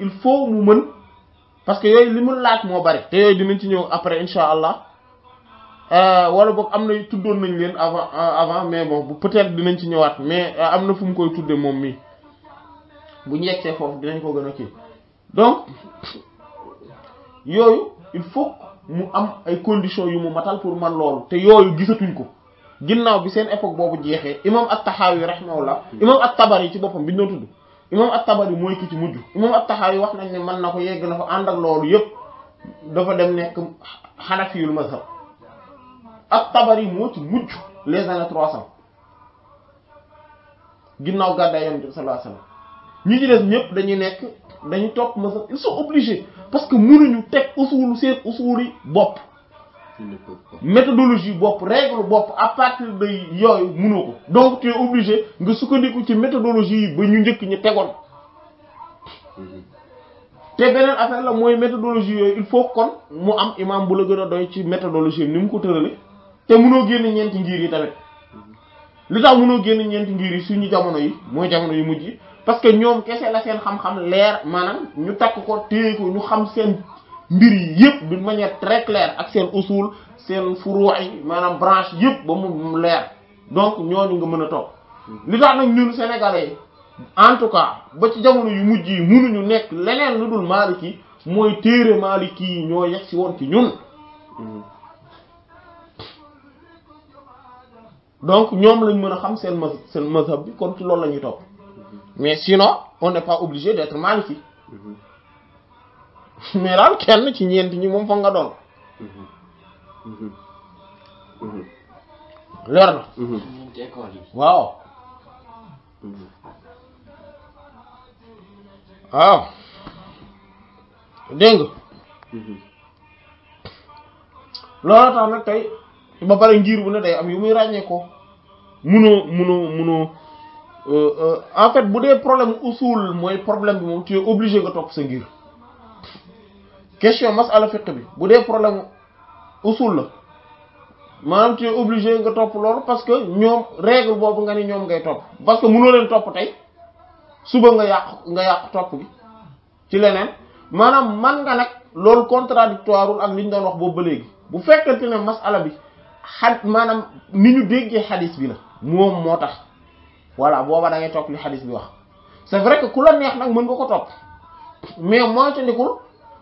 il faut mu mën parce que yooyu li mu laaj moo bari te yooyu dinañ ci ñëw après incha allah euh, wala boog am na tuddoon nañ leen avant euh, avant mais bon bu peut-être dinañ ci ñëwaat mais euh, am na fu mu koy tudde moom mii bu ñu yegsee foofu dinañ ko gën a kii donc yooyu il faut mu am ay conditions yu mu matal pour man loolu te yooyu gisatuñ ko ginnaaw bi seen époque boobu jeexee imam at-Tahawi rahimahullah imam at-Tabari ci boppam bi ñu doon tudd imam at-Tabari mooy ki ci mujj imam at-Tahawi wax nañ ne mën na ko yegg na fa ànd ak loolu yëpp dafa dem nekk xanafiyul mazhab at-Tabari moo ci mujj les années trois cent ginnaaw gàddaay yonent bi sallallahu alayhi ñi ci des ñëpp dañuy nekk dañuy topp mazhab ils sont obligés parce que mënuñu teg usuulu seen usuuli bopp méthodologie bopp règle bopp à partir de yooyu mënoo ko donc tu es nga sukkandiku ci méthodologie yi ba ñu njëkk ñu tegoon mhm. te beneen affaire la mooy méthodologie yooyu il faut kon mu am imam bu la gën a doy ci méthodologie ni mu ko tërale te mënoo génn ñeenti ngir yi tamit mhm. li tax mënoo génn ñeenti ngir yi suñu jamono yi mooy jamono yi mujj yi parce que ñoom kese la seen xam-xam leer maanaam ñu takk ko téye ko ñu xam seen mbir yi yëpp d'une manière très claire ak seen usul seen furuwaay maanaam branche yëpp ba mu leer donc ñooñu nga mën a topp. li tax nag ñun sénégalais en tout cas ba ci jamono yu mujj yi munuñu nekk leneen lu dul Maliki mooy téere Maliki yi ñoo yegg si woon ci ñun. donc ñoom lañ mën a xam seen seen mazhab bi kon ci loolu la ñuy topp mais sinon on n'est pas obligé d'être Maliki. mais daal kenn ci ñeenti ñi moom foog nga doon mm-hmm. leer na mm-hmm. waaw mm-hmm. waaw dégg nga loolu tax tey ba pare njiir bu ne day am yu muy ràññee ko munoo munoo munoo euh, euh, en fait bu dee problème usul mooy problème bi moom tu es obligé nga topp sa ngir question masala fiq bi bu dee problème usul la maanaam tu es nga topp loolu parce que ñoom règle boobu nga ni ñoom ngay topp parce que mënoo leen topp tey suba nga yàq nga yàq topp bi ci leneen maanaam man nga nag loolu contradictoire ak li ñu doon wax boobu ba léegi bu fekkee fekkente ne masala bi xad maanaam ni ñu déggee xadis bi la moom moo tax voilà booba da ngay topp li xadis bi wax c'est vrai que ku la neex nag mën nga ko topp mais moytandikul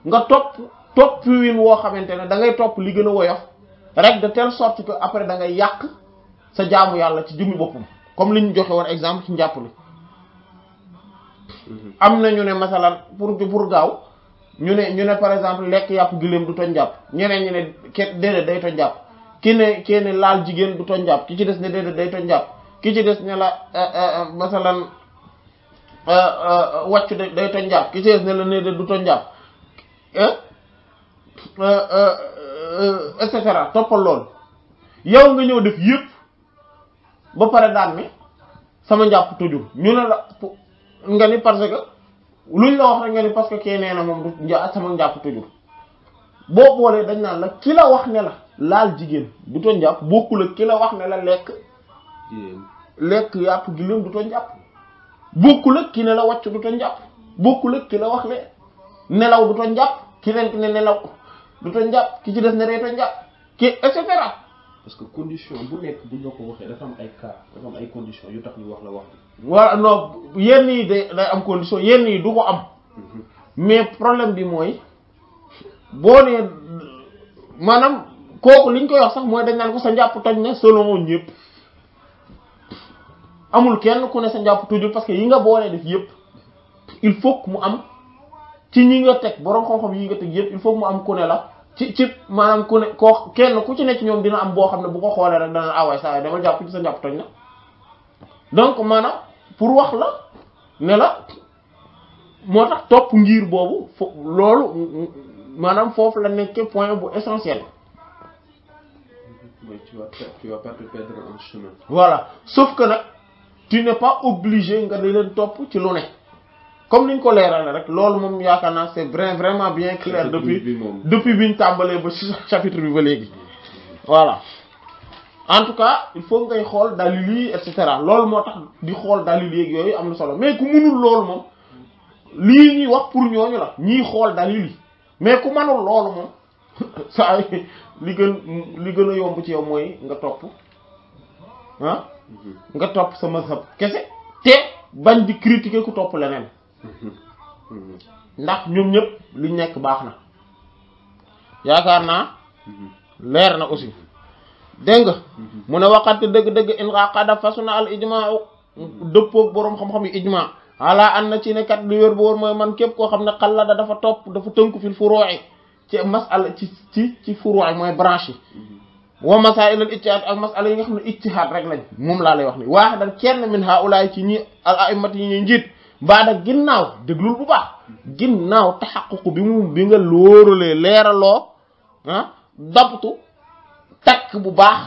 nga topp topp win woo xamante ne da ngay topp li gën a woyof rek de telle sorte que après da ngay yàq sa jaamu yàlla ci jëmmi boppam comme li ñu joxe war exemple ci mhm. am na ne masalan pour pour gaaw ñu ne ñu ne par exemple lekk yàpp giléem du toj jàpp ñeneen ñu ne kenn day toj jàpp ki ne kii ne laal jigéen du toj jàpp ki ci des ne déedéet day toj jàpp ki ci des ne la euh, euh, euh, masalan wàccu day toj jàpp ki ci des ne la déedéet du toj jàpp Eh? Eh, eh, et cetera toppal lool yow nga ñëw def yëpp ba pare daan mi sama njàpp tujul ñu ne la nga ni parce que luñ la wax rek nga ni parce que kii nee na moom du nja sama njàpp tujul boo boolee dañ naan la ki la wax ne la laal jigéen du too njàpp bokkul ak ki la wax ne la lekk lekk yàpp giléem du too njàpp bokkul ne la wàcc du too njàpp bokkul ki la wax ne nelaw du tooñ ki len ki nelaw du to jàpp ki ci def ne reto tooñ ki et cetera parce que condition bu nek bu ñoko waxe dafa am ay cas dafa am ay condition yu tax ñu wax la wax wa no yenn yi day am condition yenn yi du ko am mhm. mais problème bi moy bo ne manam koku liñ koy wax sax moy dañ nan ko sa njàpp toj na selon ñepp amul kenn ku ne sa njàpp tojul parce que yi nga boolee def yépp il faut que mu am ci ñi nga tek borom xam-xam yi nga tek yépp il faut mu am ku ne la ci ci manam ku ne ko kenn ku ci ne ci ñoom dina am boo xam ne bu ko xoolee rek dana away ah saa dama japp ci sa japp toj na donc maanaam pour wax la ne la motax top ngir bobu lolu manam fofu la nekké point bu essentiel. en voilà sauf que nak tu n'es pas obligé nga di leen top ci lu nekk comme niñ ko leerale rek loolu mom yaakaar c'est vrai vraiment bien clair depuis depuis biñ tambalé ba chapitre bi ba légui voilà en tout cas il faut ngay xol dalil yi et cetera loolu motax di xol dalil yeeg yooyu am na solo mais ku mënul loolu mom li ñi wax pour ñooñu la ñi xol dalil yi mais ku mënul loolu moom saa li gën li gën a yomb ci yow moy nga top hein ah? mhm. nga top sa mazhab kessé té bañ di critiquer ku top leneen ndax ñoom ñëpp lu nekk baax na yaakaar naa leer na aussi dégg nga mu ne waxatte dëgg-dëgg in xaqada fasu na al ijmaa dëppoog boroom xam-xam yi ijmaa ala an na ci ne kat li wér bu mooy man képp koo xam ne xalla da dafa topp dafa tënk fil furu'i ci masala ci ci ci furu'i mooy branche yi wa masail al ijtihad ak masala yi nga xam ne ijtihad rek lañ moom laa lay wax ni waaxidan kenn min haulaay ci ñi al aimati yi ñuy njiit mbaa nag ginnaaw déglul bu baax ginnaaw taxaququ bi mu bi nga lóoralee leeraloo ah dabtu takk bu baax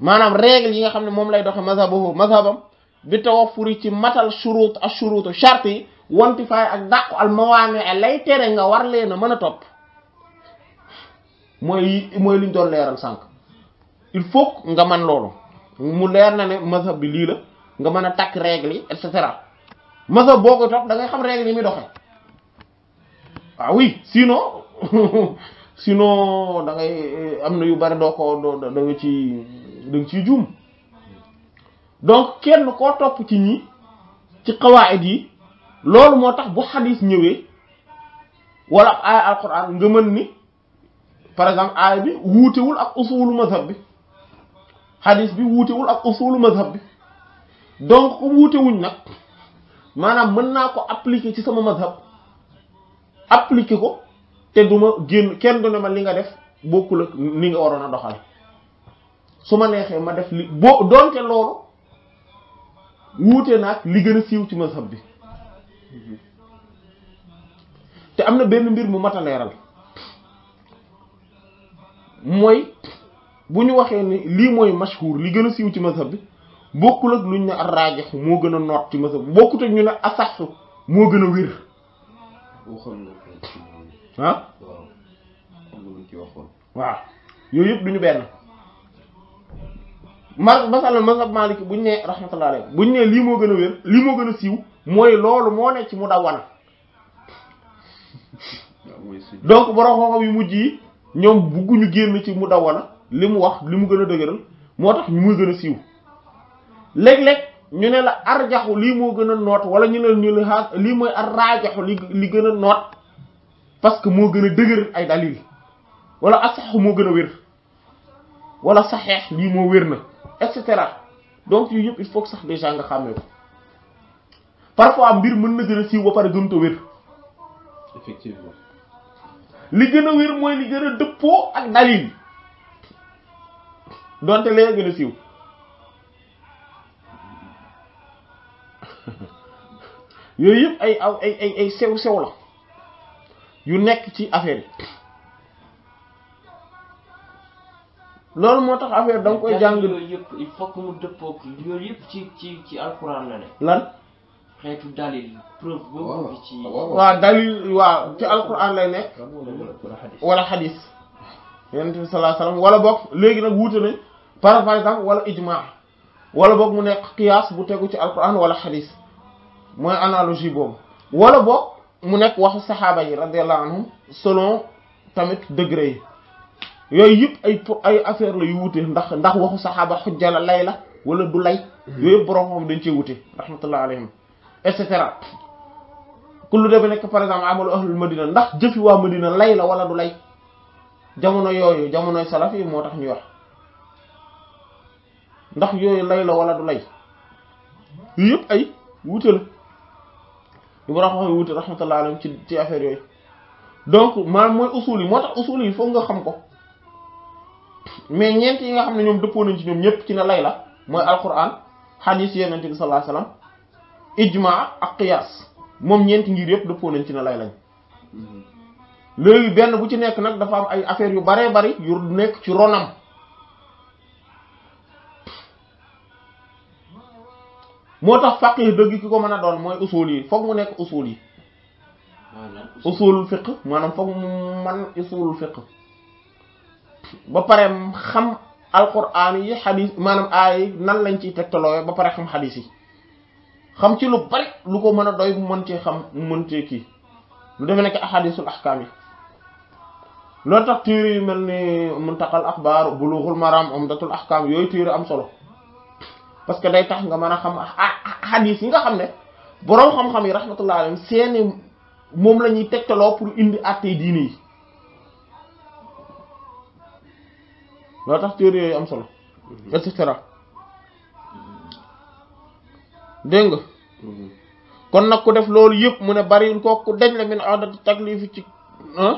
maanaam règle yi nga xam ne moom lay doxe mazhabahu mazhabam bi tawafuri ci matal shurut ak shurutu charte yi wanti faay ak dàqu al mawaani tere nga war leen a mën a topp mooy mooy liñ doon leeral sànq il faut nga man loolu mu leer na ne mazhab bi lii la nga mën a takk règle yi et cetera mazhab boo ko topp da xam règle yi muy doxee ah oui sino sinon da ngay eh, am na yu bari doo ko doo ci nga ci da donc kenn koo topp ci ñi ci xawaayit yi loolu moo tax bu xadis ñëwee wala ab aaya alquran nga mën ni par exemple aaya bi wuutewul ak usulu mazhab bi xadis bi wuutewul ak usulu mazhab bi donc comme wuute nag maanaam mën naa ko appliquer ci sama mazhab appliquer ko te du génn kenn du ne ma li nga def bokkul ak ni nga waroon a doxal su ma neexee ma def li boo doonte loolu wuute naag li gën a siiw ci mazhab bi te am na benn mbir mu mat a leeral mooy bu ñu waxee ni lii mooy mashhur li gën a siiw ci mazhab bi bokkul ak luñ ne ar-raajih moo gën a noot ci mazhab bokkut ak ñu ne asaxu moo gën a wér. waaw yooyu yëpp duñu benn. mar masalan mazhab maliki buñ ne rahmatullahi alayhi buñ ne lii moo gën a wér lii moo gën a siiw mooy loolu moo ne ci mu dawana donc borom xam yu mujj yi ñoom bugguñu génn ci mu dawana li mu wax li mu gën a dëgëral moo tax ñu muy gën a siiw léeg-léeg ñu ne la ar arjaxu lii moo gën a noot wala ñu ne ñu la lii mooy ar raajaxu li li gën a noot parce que moo gën a dëgër ay dalil wala asaxu moo gën a wér wala saxeex lii moo wér na et cetera donc yu yëpp il faut que sax déjà nga xàmmee ko parfois mbir mën na gën a siiw ba pare gënut a wér li gën a wér mooy li gën a dëppoo ak dalil donte lee gën a siiw yooyu yëpp ay aw ay ay sew sew la yu nekk ci affaire yi loolu moo tax affaire danga koy jàng il faut yooyu yëpp ci ci ci alxuraan lan xeetu dalil preuve ci waaw dalil lay nekk wala xadis yonent bi sallallahu alayhi léegi nag wuute nañ par exemple wala ijma wala boog mu nekk qiyaas bu tegu ci alxuraan wala xadis moy analogie bob wala bok mu nek waxu sahaba yi radiyallahu anhum selon tamit degré yoy yooyu ay ay affaire la yu wute ndax ndax waxu sahaba xujja la lay wala du lay yoy borom mom dañ ci wute rahmatullah alayhim et cetera kullu dabe nek par exemple amul ahlul madina ndax jëfi wa madina layla wala du lay jamono yooyu jamono salaf yi moo tax wax ndax yooyu layla wala du lay yu ay wute la ñu borom xam-xam wuti rahmatullahi alayhim ci ci affaire yooyu donc maanaam mooy usul yi moo tax usul yi foog nga xam ko mais ñeent yi nga xam ne ñoom dëppoo nañ ci ñoom ñëpp ci na lay la mooy alquran hadis yonent bi sallallahu alayhi wasallam ijma ak qiyaas moom ñeenti ngir yëpp dëppoo nañ ci na lay lañ mm-hmm. léegi benn bu ci nekk nag dafa am ay affaire yu baree bari yu nekk ci ronam motax faqih deug ki ko meuna don moy usuli, usul yi foog mu nek usul yi usul fiqh manam foog mu man usul fiqh ba pare xam alquran yi hadith manam ay nan lañ ciy tegtalooyo ba pare xam hadith yi xam ci lu bari lu ko meuna doy mën cee xam mën ki lu defe nek ahadithul ahkam yi tax téere melni muntakal akhbar bulughul maram umdatul ahkam yoy téere am solo parce que day tax nga mëna xam hadith yi nga xam ne boroom xam-xam yi rahmatullah alayhi seen mom lañuy ñuy pour indi àttee diini lo tax téere am solo mhm. et cetera deng, mhm. kon nak ko def loolu yep mu ne bariwul ko dañ la min adat taklifi ci ah,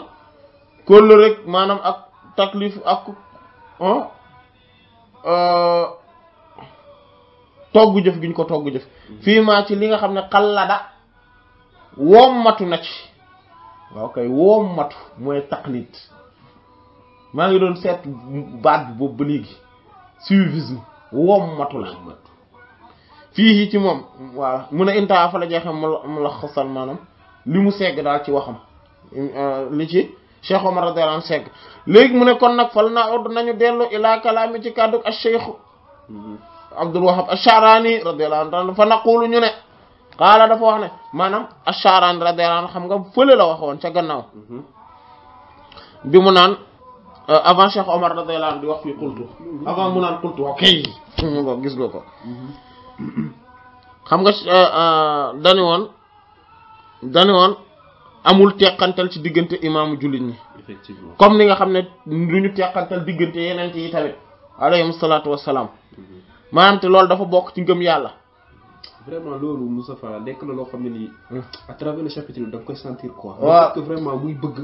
kóll rek manam ak taklif ak ah, euh, togg jëf gi ñu ko togg jëf fii maa ci li nga xam ne xallada wommatu na ci waaw woo wommatu mooy taqlid maa ngi doon seet baat bi boobu ba léegi suivisme wommatu la fii ci moom waaw mun a intaa fa la jeexee mu la xasal maanaam li mu segg daal ci waxam li ci cheikh Omar radiyallahu anhu segg léegi mu ne kon nag fal naa odd nañu dellu ilaa kalaami ci kàddu ak cheikhu mm-hmm. Abdul Wahab Ash-Sharani radiyallahu anhu fa ñu ne qaala dafa wax ne maanaam Ash-Sharani radiyallahu xam nga fële la waxoon ca gannaaw mhm. bi mu naan euh, avant Cheikh Omar radiyallahu anhu wax fii qultu mhm. avant mu naan qultu ok gis nga ko mhm. xam nga euh, euh, dani woon dani woon amul teqantal ci diggante imaamu jullit ñi comme ni nga xam ne lu ñu teqantal diggante yeneen yi tamit alayhim salaatu wassalaam maanaam te loolu dafa bokk ci ngëm yàlla. vraiment loolu Moustapha nekk na loo xam ne nii. à travers le chapitre da koy sentir quoi. waaw parce que vraiment muy bëgg.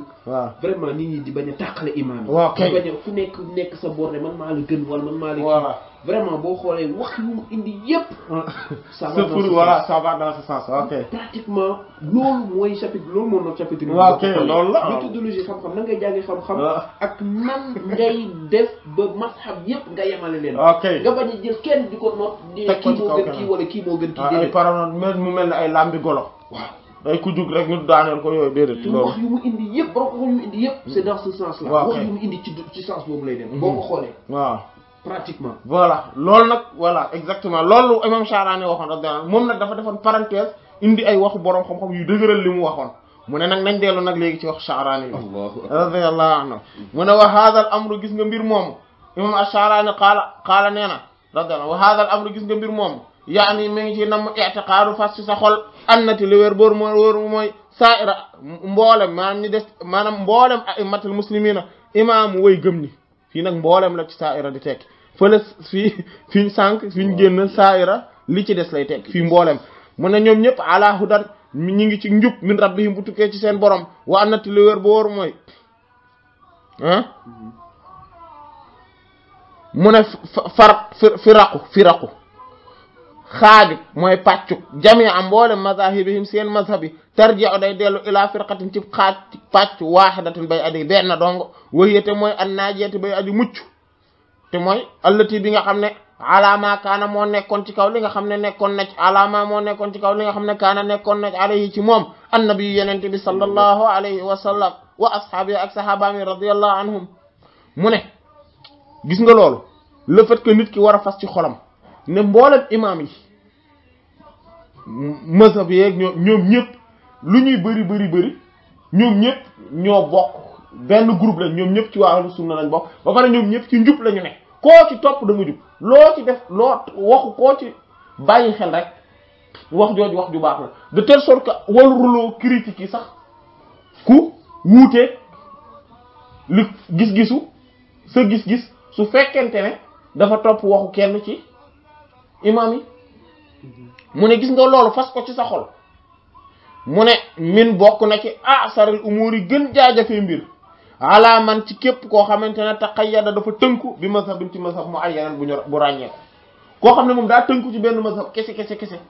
vraiment nit ñi di bañ a tàqale imaam yi. waaw kay di bañ a ku nekk nekk sa boor ne man maa la gën wala man maa la. vraiment bo xolé wax yu mu indi yépp ça va dans voilà ça va dans ce sens ok. pratiquement loolu moy chapitre loolu mo nekk chapitre. waaw ok loolu la méthodologie xam-xam nan ngay jàngi xam-xam. ak man ngay def ba mazhab yépp nga yemale len ok nga bañ jël kenn diko note noot. ki kii moo gën kii wala ah, ki mo gën kii déedéet. ay paranon paroles mu mel ay lambi golo. waaw. day ku jug rek ñu daanel ko yooyu déedéet. loolu wax yu mu indi yépp borom wax yu mu indi yépp c'est dans ce sens là. wax yu mu indi ci ci sens boobu lay dem. Mm-hmm. boo ko xoolee. waaw. pratiquement voilà loolu nag voilà exactement loolu imam Sha'rani waxoon radiyallahu moom nag dafa defoon parenthèse indi ay waxu borom xam-xam yu dëgëral li mu waxoon mu ne nag nañ dellu ci wax Sha'rani radiyallahu anhu mu wa hadha al amru gis nga mbir moomu imam Sha'rani qaala qaala nee radiyallahu wa hadha al amru gis nga mbir moomu yaani mi ngi ci nam i'tiqaadu fas ci sa xol annati li wér boor moo wóor mooy saaira mboolem maanaam ñu des maanaam mboolem a'immatul muslimina imaamu way gëm ni fii nag la ci saaira di tekki fële fii fi ñu sànq fi ñu génn saayira li ci des lay teg fii mboolem mu ne ñoom ñëpp ala hudan ñi ngi ci njub min rabbihim bu tukkee ci seen borom wa annati li wér ba woru mooy ah mu ne far firaqu firaqu xaaju mooy pàccuk jamii am mboolem mazahibihim seen mazhab yi tarji'u day dellu ila firqatin ci xaaj pàcc waaxidatin bay aji benn dong waxiyate mooy naa jee naajiyati bay aji mucc te moy alati bi nga xamne alama kana mo nekkon ci kaw li nga xamne nekkon na ci alama mo nekkon ci kaw li nga xamne kana nekkon na ci alayhi ci mom annabi yenent bi sallallahu alayhi wa sallam wa ashabi ak sahaba mi radiyallahu anhum mune gis nga loolu le fait que nit ki wara fas ci xolam ne mboolem imam yi mazhab yeeg ñoom ñëpp lu ñuy bari bari bëri ñoom ñëpp ño bokk benn group la ñoom ñëpp ci waa ahlu sunna lañ bokk ba pare ñoom ñëpp ci njub la ñu ne koo ci topp da nga jub loo ci def loo waxu koo ci bàyyi xel rek wax jooju wax ju baax la de telle sorte que waruloo critique yi sax ku wuuteeg li gis-gisu sa gis-gis su fekkente ne dafa topp waxu kenn ci imaam yi mm-hmm. mu ne gis nga loolu fas ko ci sa xol mu ne min bokk na ci asaril umur yi gën jaajafee mbir ala man ci képp koo xamante ne taqayyada dafa tënku bi mazhabin ci mazhab mu ay ayyanan bu ñu bu ràññee koo xam ne moom daa tënku ci benn mazhab kese kese kese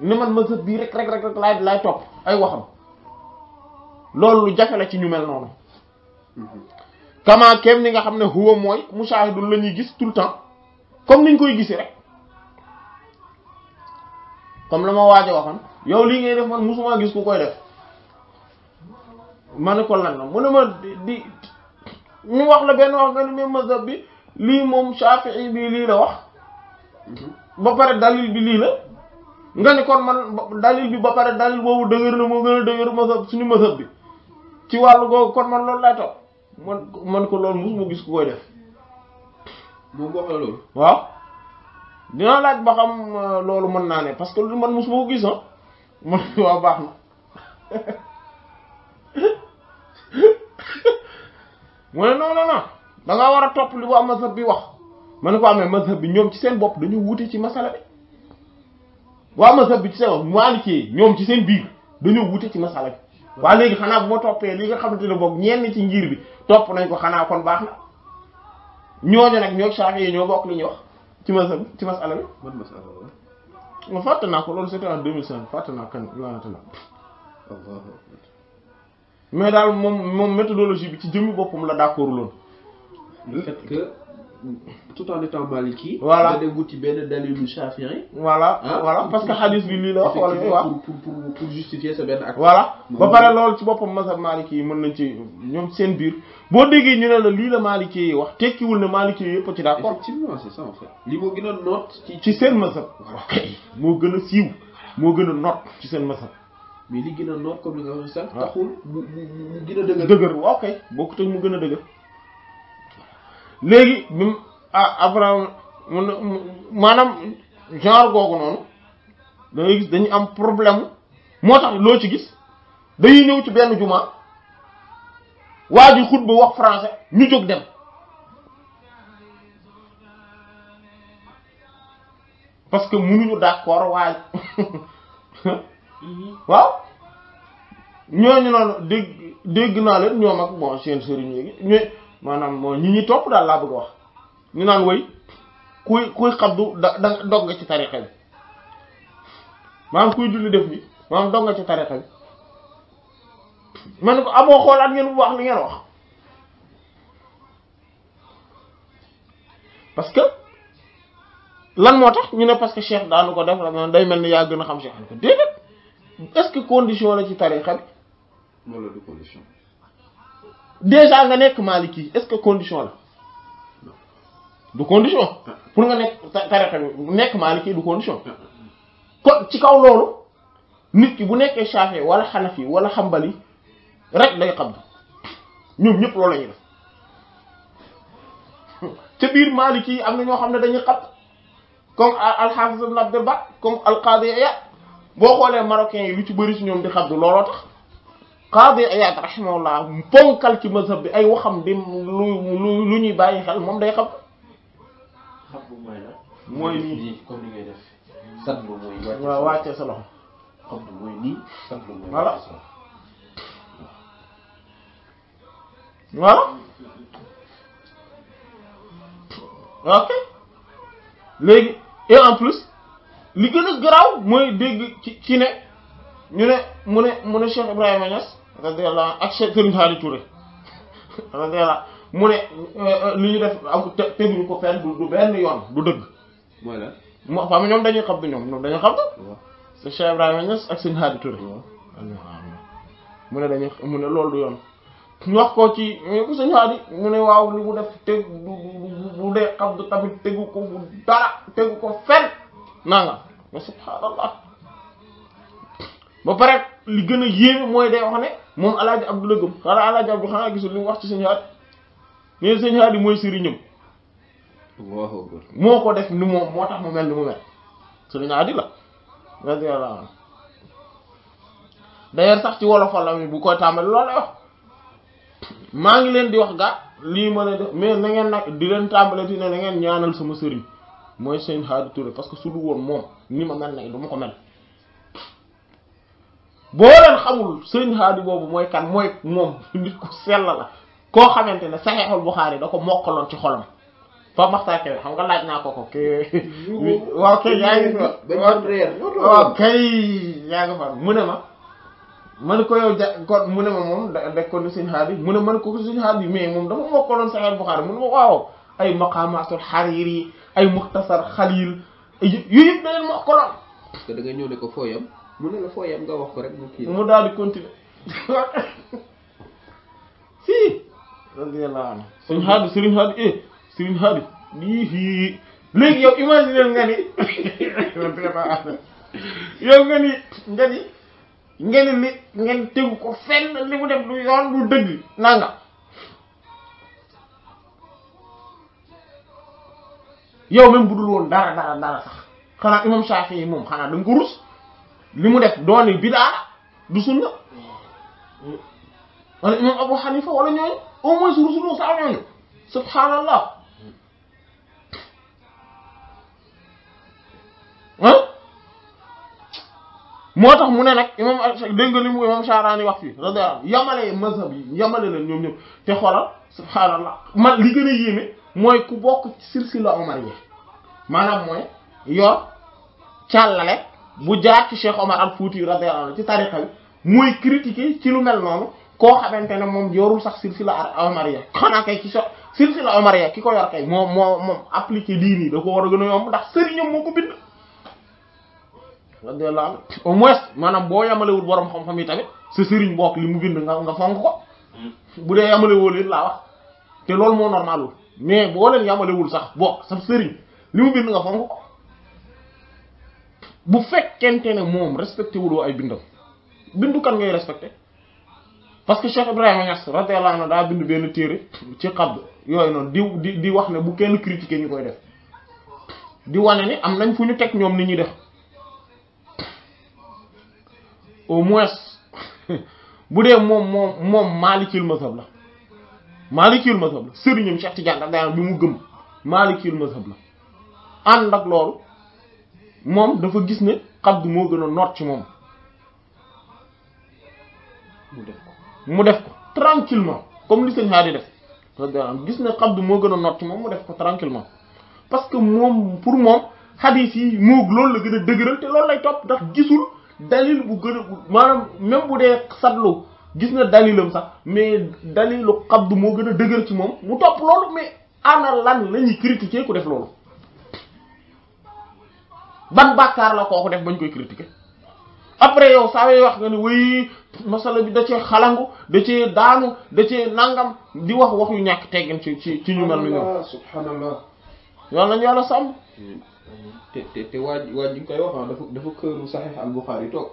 ni man mazhab bii rek rek rek rek laay topp ay waxam loolu lu jafe la ci ñu mel noonu. comment kem ni nga xam ne huwa mooy mushahidul la ñuy gis tout le temps comme niñ koy gisee rek comme la ma waaj a yow lii ngay def man musuma gis ku koy def. ma ne ko lan la mu ne ma di ñu wax la benn wax nga ne même mazhab bi lii moom Shafi'i bi lii la wax ba pare dalil bi lii la nga ne kon man dalil bi ba pare dalil boobu dëgër na moo gën a dëgër mazhab suñu mazhab bi ci wàllu googu kon man loolu laay topp man ko loolu mos mu gis ku koy def. waaw dinaa laaj ba xam euh, loolu mën naa ne parce que man mos ma ko gis ah man waaw baax na. mu ne non non war a topp li waa mazhab bi wax ma ne ko amee mazhab bi ñoom ci seen bopp dañu wute ci masala bi waa mazhab bi ci seen bopp Maliki ñoom ci seen biir dañoo wute ci masala bi waa léegi xanaa bu ma toppee li nga xamante ne boog ñenn ci ngir bi topp nañ ko xanaa kon baax na ñooñu nag ñoo Shaafi yi ñoo bokk li ñuy wax ci mazhab ci masala bi man masala la fàtte naa ko loolu c'était en 2005 fàtte naa kan laata naa mais dal mom moom méthodologie bi ci jëmm boppam la d'accord loon. le fait que tout en étant maliki. voilà nga dem ben benn dalilu chafiri. voilà ah, voilà parce que hadith bi li la wax. wala quoi pour pour pour justifier sa ben acte. voilà ba paré loolu ci bopum mazhab maliki mën nañ ci ñom seen biir bo déggee ñu ne la lii la maliki yi wax tekkiwul né maliki yi yëpp ci d'accord. effectivement c'est ça en fait. li mo gëna note ci. ci seen mazhab. voilà moo gën a siiw moo gën ci seen mazhab. li gën a noot ah. mu mu gën a dëgër. dëgër waaw kay bokkut mu gën dëgër. léegi mu ah Abraham mu maanaam genre googu noonu da gis dañu am problème moo tax loo ci gis dañuy ñëw ci benn jumaa waa ji xutba wax français ñu jóg dem. parce que mënuñu d'accord waaye. waaw ñu noonu dégg dégg naa leen ñoom ak bon seen sëriñ léegi ñu maanaam moo ñi ñi topp daal laa bëgg a wax ñu naan woy kuy kuy xabdu da da dog nga ci tarixa bi maanaam kuy julli def bi maanaam ko amoo xoolaat ngeen bu wax li ngeen wax parce que lan moo tax ñu ne parce que cheikh daanu ko def la day mel ni yaa gën a xam cheikh ko déedéet est-ce que condition la ci tarixa bi wala du condition déjà nga nekk maliki est-ce que condition la du condition ah. pour nga nekk tarixa bi nekk maliki du condition ah. kon ci kaw loolu nit ki bu nekkee shafi wala xanafi wala xambali rek day xam ñoom ñëpp loolu la ñuy def ca biir maliki am na ñoo xam ne dañuy xam comme al-Hafiz Ibn comme al-Qadi bo xolé marocain yi lu ci beuri ci ñom di xabdu lolo tax qadi Iyaad rahimahullah ponkal ci mazhab bi ay waxam bi lu lu ñuy bàyyi xel mom day xam. xabdu moy la. moy nii comme ni ngay def. xabdu mooy wàcce sa loxo xabdu mooy nii xabdu mooy voilà voilà ok léegi et en plus. li gën a garaaw mooy dégg ci ci ne ñu ne mu ne mu ne Cheikh Ibrahima Niass radiyallahu anhu ak Cheikh mu ne euh, euh, li ñu def am teguñu ko fenn du benn yoon du dëgg. moo xam ñoom dañuy xab ñoom ñoom dañuy xam. waaw c'est Cheikh Ibrahima Niass ak Serigne Hadi Touré. mu ne dañuy mu ne loolu du yoon. ñu wax ko ci sëñ Hadi mu ne waaw li mu def tegu bu dee xam du tamit tegu ko bu dara tegu ko fenn. nanga mais subhanallah ba pare li gëna a moy day wax ne mom alaaji abdu la xala xanaa alaaji xana gisul li wax ci sëñ Haadi mais sëñ moy sirignum sëriñam moo moko def ni mom motax mu mel ni mu mel sëriñ Haadi la radi Allah d'ailleurs sax ci la mi bu ko tamal lolé wax ma ngi len di wax ga li ma leen def mais na ngeen nak di len tambalati na ngeen ñaanal sama sirignum mooy seen Xaadi Touré parce que su du woon moom ni ma mel ne du ma ko mel boo leen xamul seen Xaadi boobu mooy kan mooy moom nit ku sell la koo xamante ne Saxiixul Buxaari da ko mokkaloon ci xolam fa xam nga laaj naa ko ko kay waaw yaa ngi yaa ngi mu ne ma man ko yow ja kon mu ne ma moom da ko ni seen mu man ko seen Xaadi mais moom dama mokkaloon Saxiixul Buxaari waaw ay maqaamaatul Xariiri ay muxtasar xalil yu yëpp da leen wax ko lool. parce que da ñëw ne ko fooyam mu ne la fooyam nga wax ko rek mu kii mu daal di continuer si. radiyallahu anhu sëriñ Hadi sëriñ Hadi eh sëriñ Hadi lii fii léegi yow imaginer nga yow nga ni nga li ngeen tegu ko fenn li mu def lu yoon lu dëgg nanga yow même bu dul woon dara dara sax xanaa imam Shafi'i moom xanaa da nga rus li mu def dooni bidaa du sunna wala imam Abu Hanifa wala ñooñu au moins rusuloo saa ñooñu subhaanallah ah moo tax mu ne nag imam dégg nga li mu imam Sharaani wax fii radiyallahu yamale mazhab yi yamale leen ñoom ñëpp te xoolal subhaanallah ma li gën a yéeme mooy ku bokk silsila Omar yi maanaam mooy yor càllale bu jaar ci Cheikh Omar al Fouti radiyallahu anhu ci tariqa bi muy critiquer ci lu mel noonu koo xamante ne moom yorul sax silsila Omar yi xanaa ci silsila Omar yi ki ko yor moom moo moom appliquer lii nii da ko war a gën a yomb ndax sëriñam moo ko bind. radiyallahu anhu au moins maanaam boo yamalewul borom xam-xam yi tamit sa sëriñ bokk li mu bind nga nga fonk ko mm. bu dee yamalewoo leen laa wax te loolu moo normalul mais boo leen yamalewul sax bokk sa sëriñ li mu bind nga fonk ko bu fekkente ne moom respecté wuloo ay bindam bindu kan ngay respecté parce que Cheikh Ibrahima Niass radiyallahu na daa bind benn téere ci xab yooyu noonu di di di wax ne bu kenn critiqué ñu koy def di wane ni am nañ fu ñu teg ñoom ni ñuy def au moins bu dee moom moom moom maalikil mazhab la maalikiyul mazhab la sëriñam Cheikh Tidiane bi mu gëm maalikiyul mazhab la ànd ak loolu moom dafa gis ne xabdu moo gën a noot ci moom mu def ko mu def tranquillement comme li sëñ Haadi def gis ne xabdu moo gën a noot ci moom mu def ko tranquillement parce que moom pour moom xadiis yi moog loolu la gën a dëgëral te loolu lay topp ndax gisul dalil bu gën a maanaam même bu dee sadlu gis na dalilam sax mais dalilu du moo gën a dëgër ci moom mu topp loolu mais ana lan la ñuy critiquer ku def loolu ban bàkkaar la kooku def bañ koy critiquer après yow saa yoo wax nga ni wéy masala bi da cee xalangu da cee daanu da cee nangam di wax wax yu ñàkk teggin ci ci ci ñu mel ni ñoom. subhanallah yoon nañu yàlla sàmm. te te te waa waa ji nga koy wax ah, dafa dafa këru Sahih al-Bukhari toog.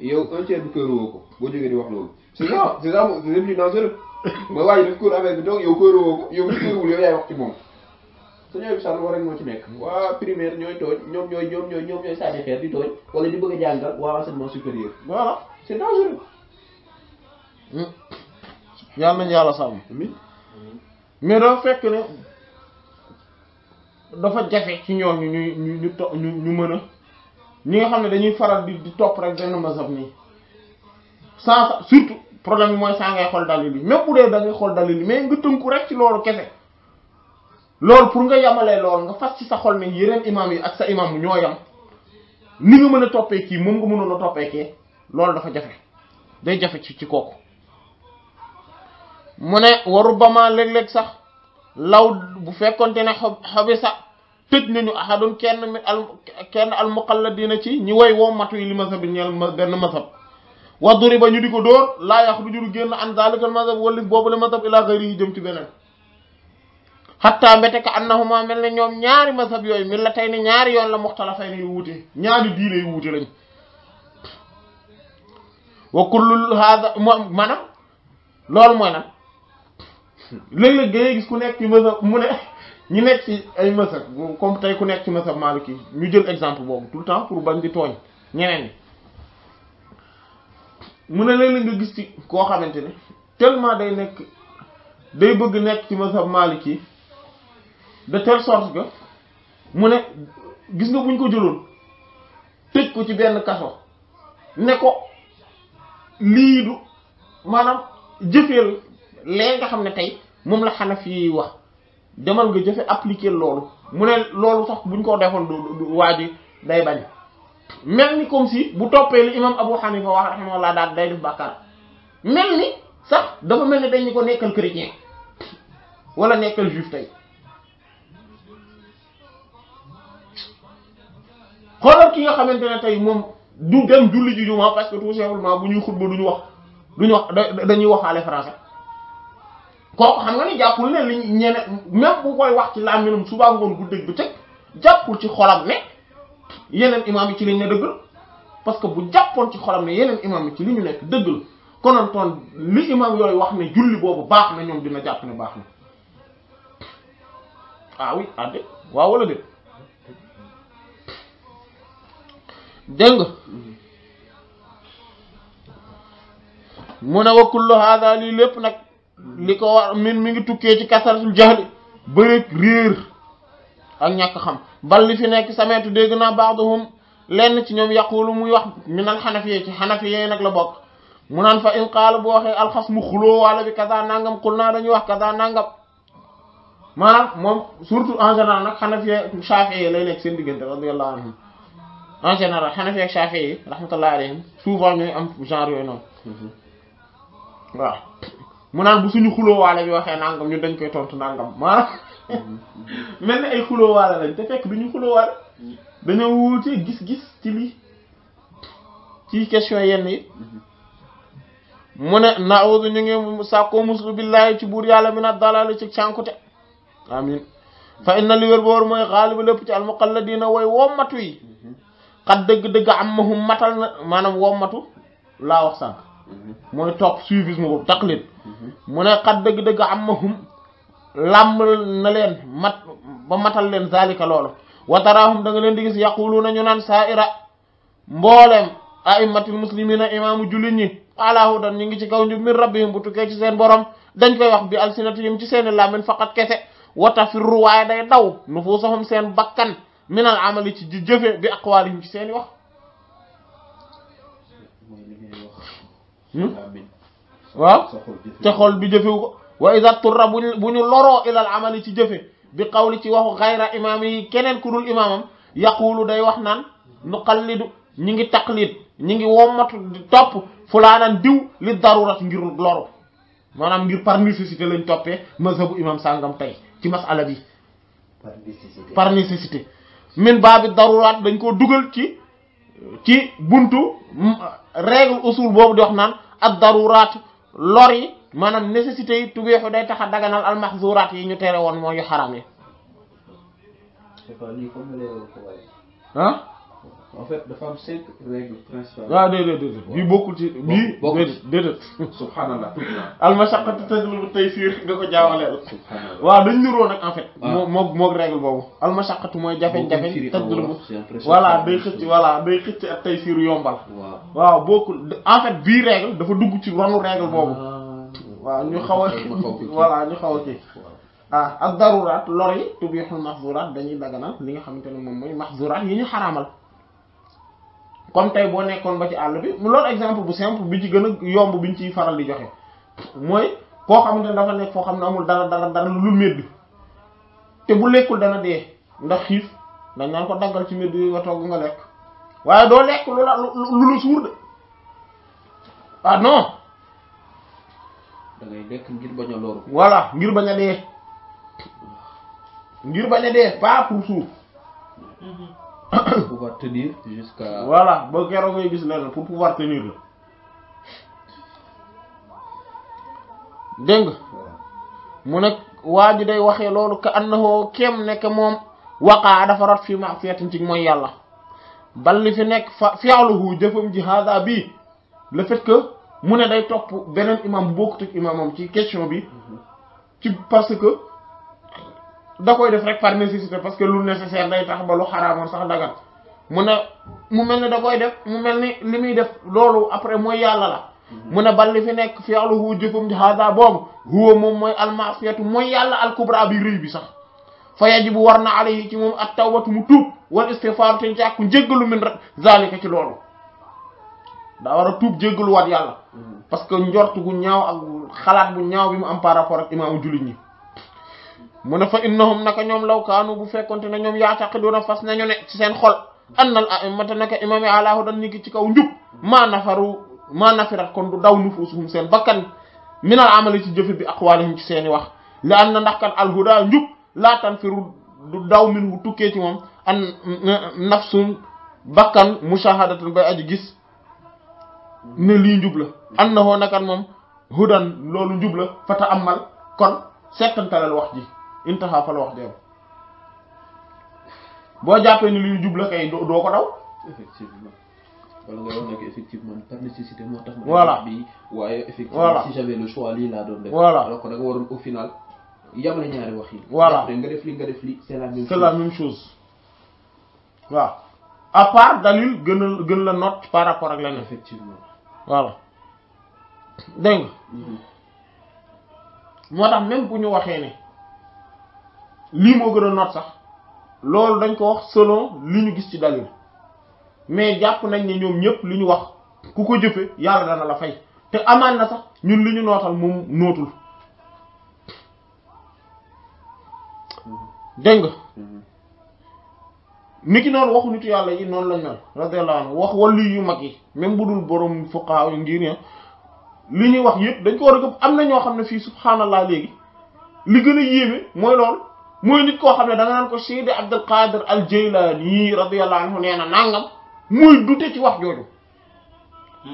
yow un tiers du kër woo ko boo jógee di wax loolu. c' est ça c' est ça c' est plus dangereux mooy waa ji def kër affaire bi toog yow kër woo ko yow li kër wul yow yaay wax moom. su ñooy sànni nekk. waa primaire ñooy tooñ ñoom ñooy ñoom ñooy ñoom ñooy sànni xeer di tooñ a jàngal waa enseignement supérieur. voilà c' est dangereux. Hmm. yal dafa fekk ne dafa jafe ci ñooñu ñu ñu ñu ñu mën a. ñi nga xam ne dañuy faral di di topp rek benn mazhab nii sans surtout problème bi mooy saa ngay xool dalil yi même bu dee da xool dalil yi mais nga tënku rek ci loolu kese loolu pour nga yamalee loolu nga fas ci sa xol ne yeneen imam yi ak sa imam ñoo yam ni nga mën a toppee kii moom nga mënoon a toppee kii loolu dafa jafe day jafe ci ci kooku mu ne waru bamaa léeg-léeg sax law bu fekkonte ne xob xobi tëj nañu ahadun kenn mi al kenn al muqalladina ci ñi way woo matu li mazhab bi ñeel benn mazhab wa duriba ñu di ko dóor laa yaxruju du génn an zalikal mazhab wala boobu le mazhab ila gayri yi jëm ci beneen xatta mbete ka annahuma mel ne ñoom ñaari mazhab yooyu min la tey ne ñaari yoon la muxtalafay ne yu wuute ñaari diine yu wuute lañ wa kullu hada maanaam loolu mooy nag léeg-léeg gis ku nekk ci mazhab mu ne ñi nekk ci ay mazhab comme tey ku nekk ci mazhab maliki ñu jël exemple boobu tout le temps pour bañ di tooñ ñeneen ñi mu ne leen léeg nga gis ci koo xamante ne tellement day nekk day bëgg nekk ci mazhab maliki de telle sorte ga mu ne gis nga buñ ko jëloon tëj ko ci benn kaso ne ko lii du maanaam jëfeel lee nga xam ne tey moom la xanaf yi wax demal nga jëfe appliquer loolu mu ne loolu sax buñ koo defoon du waa ji day bañ mel ni comme si bu toppee li imam Abu Hanifa wax laa daal day def bàkkaar mel ni sax dafa mel ni dañ ni ko nekkal chrétien wala nekkal juif tey xoolal ki nga xamante ne tey moom du dem julli ji juma parce que tout simplement bu ñuy xutba duñu wax duñu wax dañuy waxaale français kooku xam nga ni jappul ne ñene même bu koy wax ci làmmiñam suba ngoon bu tek jappul ci xolam ne yenen imam yi ci liñu ne parce que bu jappon ci xolam ne yenen imam yi ci liñu nek deugul dëgg la konoon li imam yoy wax ne julli bobu bax na ñom dina japp ne bax na ah oui ade ah wa wala de deng nga wa kullu hadha li lepp nak li ko war min mi ngi tukkee ci kasaratul jahli bëreeg réer ak ñàkk xam bal li fi nekk sameetu dégg naa ba'dhum lenn ci ñoom yaqulu muy wax minal xanafiyee ci xanafiyee nag la bokk mu naan fa in qaala bu waxee alxas mu xuloo wala bi kaza nangam xul naa dañuy wax kaza nangam maanaam moom surtout en général nag xanafiyee chafiyee lay nekk seen diggante radiyallahu anhum en général xanafiyee ak chafiyee rahmatullahi alayhim souvent ñooy am mu naan bu suñu xuloowaale bi waxee nangam ñu dañ koy tontu nangam maanaam mel ni ay xuloowaale lañ te fekk duñu xuloowaale dañoo wuute gis-gis ci lii ci question yenn yi mu ne naawudu ñu ngi sàkkoo muslu billaahi ci buur yàlla mi na dalali ci cànkute amin fa inna li wér boor mooy xaalibu lépp ci almuqalladiina way wommatu yi mhm. xat dëgg-dëgg am mahum matal na maanaam wommatu laa wax sànq mooy topp suivisme boobu taqlid mu ne xat dëgg-dëgg am amahum làmb na leen mat ba matal leen zalika loolu watarahum da nga leen di gis yaquluuna ñu naan saaira mboolem aimatil muslimina imaamu jullit ñi ala hudan ñi ngi ci kaw njub min rabbihim bu tukkee ci seen borom dañ koy wax bi alsinatihim ci seeni làmmin faqat kese wata firru waaye day daw nufusahum seen bakkan minal amali ci jëfe bi aqwalihim ci seeni wax Hmm? waaw xool bi jëfewu ko wa iza turra bu ñu loroo ilal amali ci jëfe bi xawli ci waxu xayra imaam yi keneen ku dul imaamam yaqulu day wax naan nu xallidu ñi ngi taqlid ñi ngi wommatu topp fulaanan diw li darurat ngir loru maanaam ngir par nécessité lañ toppee mazhabu imam sàngam tey ci masala bi par nécessité min baabi darurat dañ ko dugal ci ci buntu règle usul boobu di wax naan ad daruraat lor yi maanaam nécessité yi tubeexu day tax a daganal al mahzuraat yi ñu tere woon mooy yu xaram yi en fait dafa am cinq ah, bii bokkul ci bii. bokkul ci déedéet déedéet. al mashaqqatu tajlibu taysir nga ko jaawalee. subhanallah waaw dañ niroo nag en fait. Ah. moo moom moom règle boobu. al mashaqqatu mooy jafe-jafe. tajlibu voilà day xëcc voilà day xëcc ak taysir yombal. waaw waa bokkul en bii règle dafa dugg ci ronu règle ah. boobu. waaw ñu xaw a voilà ñu xaw a kii. ah ak daruraat lor yi tubihul mahzuraat dañuy daganal li nga xamante ne moom mooy mahzuraat yi ñu xaraamal. comme tey boo nekkoon ba ci àll bi loolu exemple bu simple bi ci gën a yomb bi ñu ciy faral di joxe mooy koo xamante ne dafa nekk foo xam ne amul dara dara dara lu médd te bu dana dee ndax xiif dañ naan ko daggal ci médd yi nga togg nga lekk waaye doo lekk lu la lu la suur de ah non. da lekk ngir bañ a loru. voilà ngir bañ a dee ngir bañ a dee pas pour suur. Mhm. pour pouvoir voilà ba keroog ngay gis leer pour pouvoir tenir la dégg mu nekk waa ji day waxee loolu ka annahu kem nekk moom waqaa dafa rat fii ma'siyatin ci mooy yàlla bal li fi nekk fa fi'luhu jëfam ji hada bii le fait mu ne day topp beneen imam bu bokkut ak ci question bi mhm. ci parce que. da koy def rek par nécessité parce que lu nécessaire day tax ba lu xaraamoon sax dagan mu ne mu mel ne da koy def mu mel ni li muy def loolu après mooy yàlla la mu ne balli fi nekk fi'luhu jëfam hada boobu huwa moom mooy almasiyatu mooy yàlla alkubra bi rëy bi sax fa bu war na alayhi ci moom at tawbatu mu tuub wal istighfar te jàkku njéggalu min zalika ci loolu daa war a tuub jéggalu waat yàlla mm-hmm. parce que njort gu ñaaw ak xalaat bu ñaaw bi mu am par rapport ak imaamu jullit ñi mu ne fa innahum naka ñoom law kaanu bu fekkonte ne ñoom yaataqiduuna fas nañu ne ci seen xol annal a'immata naka imam yi alaahu dan ci kaw njub maa nafaru maa nafirat kon du daw nufuusuhum seen bakkan minal amali ci jëfe bi aqwalihim ci seen i wax li an na ndax kan alhuda njub laa tanfiru du daw min wu tukkee ci moom an nafsun bakkan mushahadatan bay aji gis ne lii njub na annahu nakan moom hudan loolu njub la fata amal kon settantalal wax ji intaha la wax dem bo jappé ni luy djubla kay do ko daw effectivement wala nga doon nekk effectivement par nécessité moo tax bi waaye effectivement si j'avais le choix lii laa doon def alors que da nga au final yamale ñaari wax yi voilà nga def li nga def la même la même chose la voilà dégg nga mhm. même bu ñu waxee ne lii moo gën a noot sax loolu dañ ko wax selon li ñu gis ci dalil mais jàpp nañ ne ñoom ñëpp li ñu wax ku ko jëfe yàlla dana la fay te amaan na sax ñun li ñu nootal moom nootul dégg nga nit ki noonu waxu nitu yàlla yi noonu lañ mel radiyallahu anhu wax wàllu yu mag yi même bu dul borom fuqaha yi ngir li ñuy wax yëpp dañ ko war a gëm am na ñoo xam ne fii subhanallah léegi li gën a yéeme mooy loolu mooy nit koo xam ne da nga naan ko Seydi Abdul Qadir al Jaylaani radiyallahu anhu nee na nangam muy dute ci wax jooju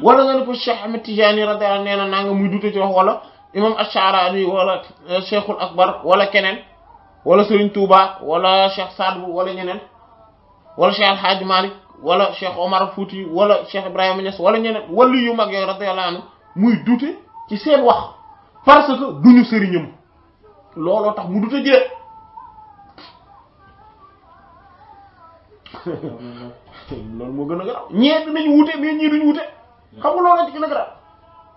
wala nga ne ko Cheikh Ahmed Tidiane radiyallahu anhu nee na nangam muy dute ci wax wala imam Ash'ari wala eh, Cheikhul Akbar wala keneen wala Serigne Touba wala Cheikh Sadbu wala ñeneen wala Cheikh Al Hadj Malick wala Cheikh Omar fuuti wala Cheikh Ibrahima Niass wala ñeneen wala yu mag yooyu radiyallahu anhu muy dute ci seen wax parce loolu moo gën a garaaw ñeent nañ wute mais ñii duñ wute xam nga loolu la ci gën a garaaw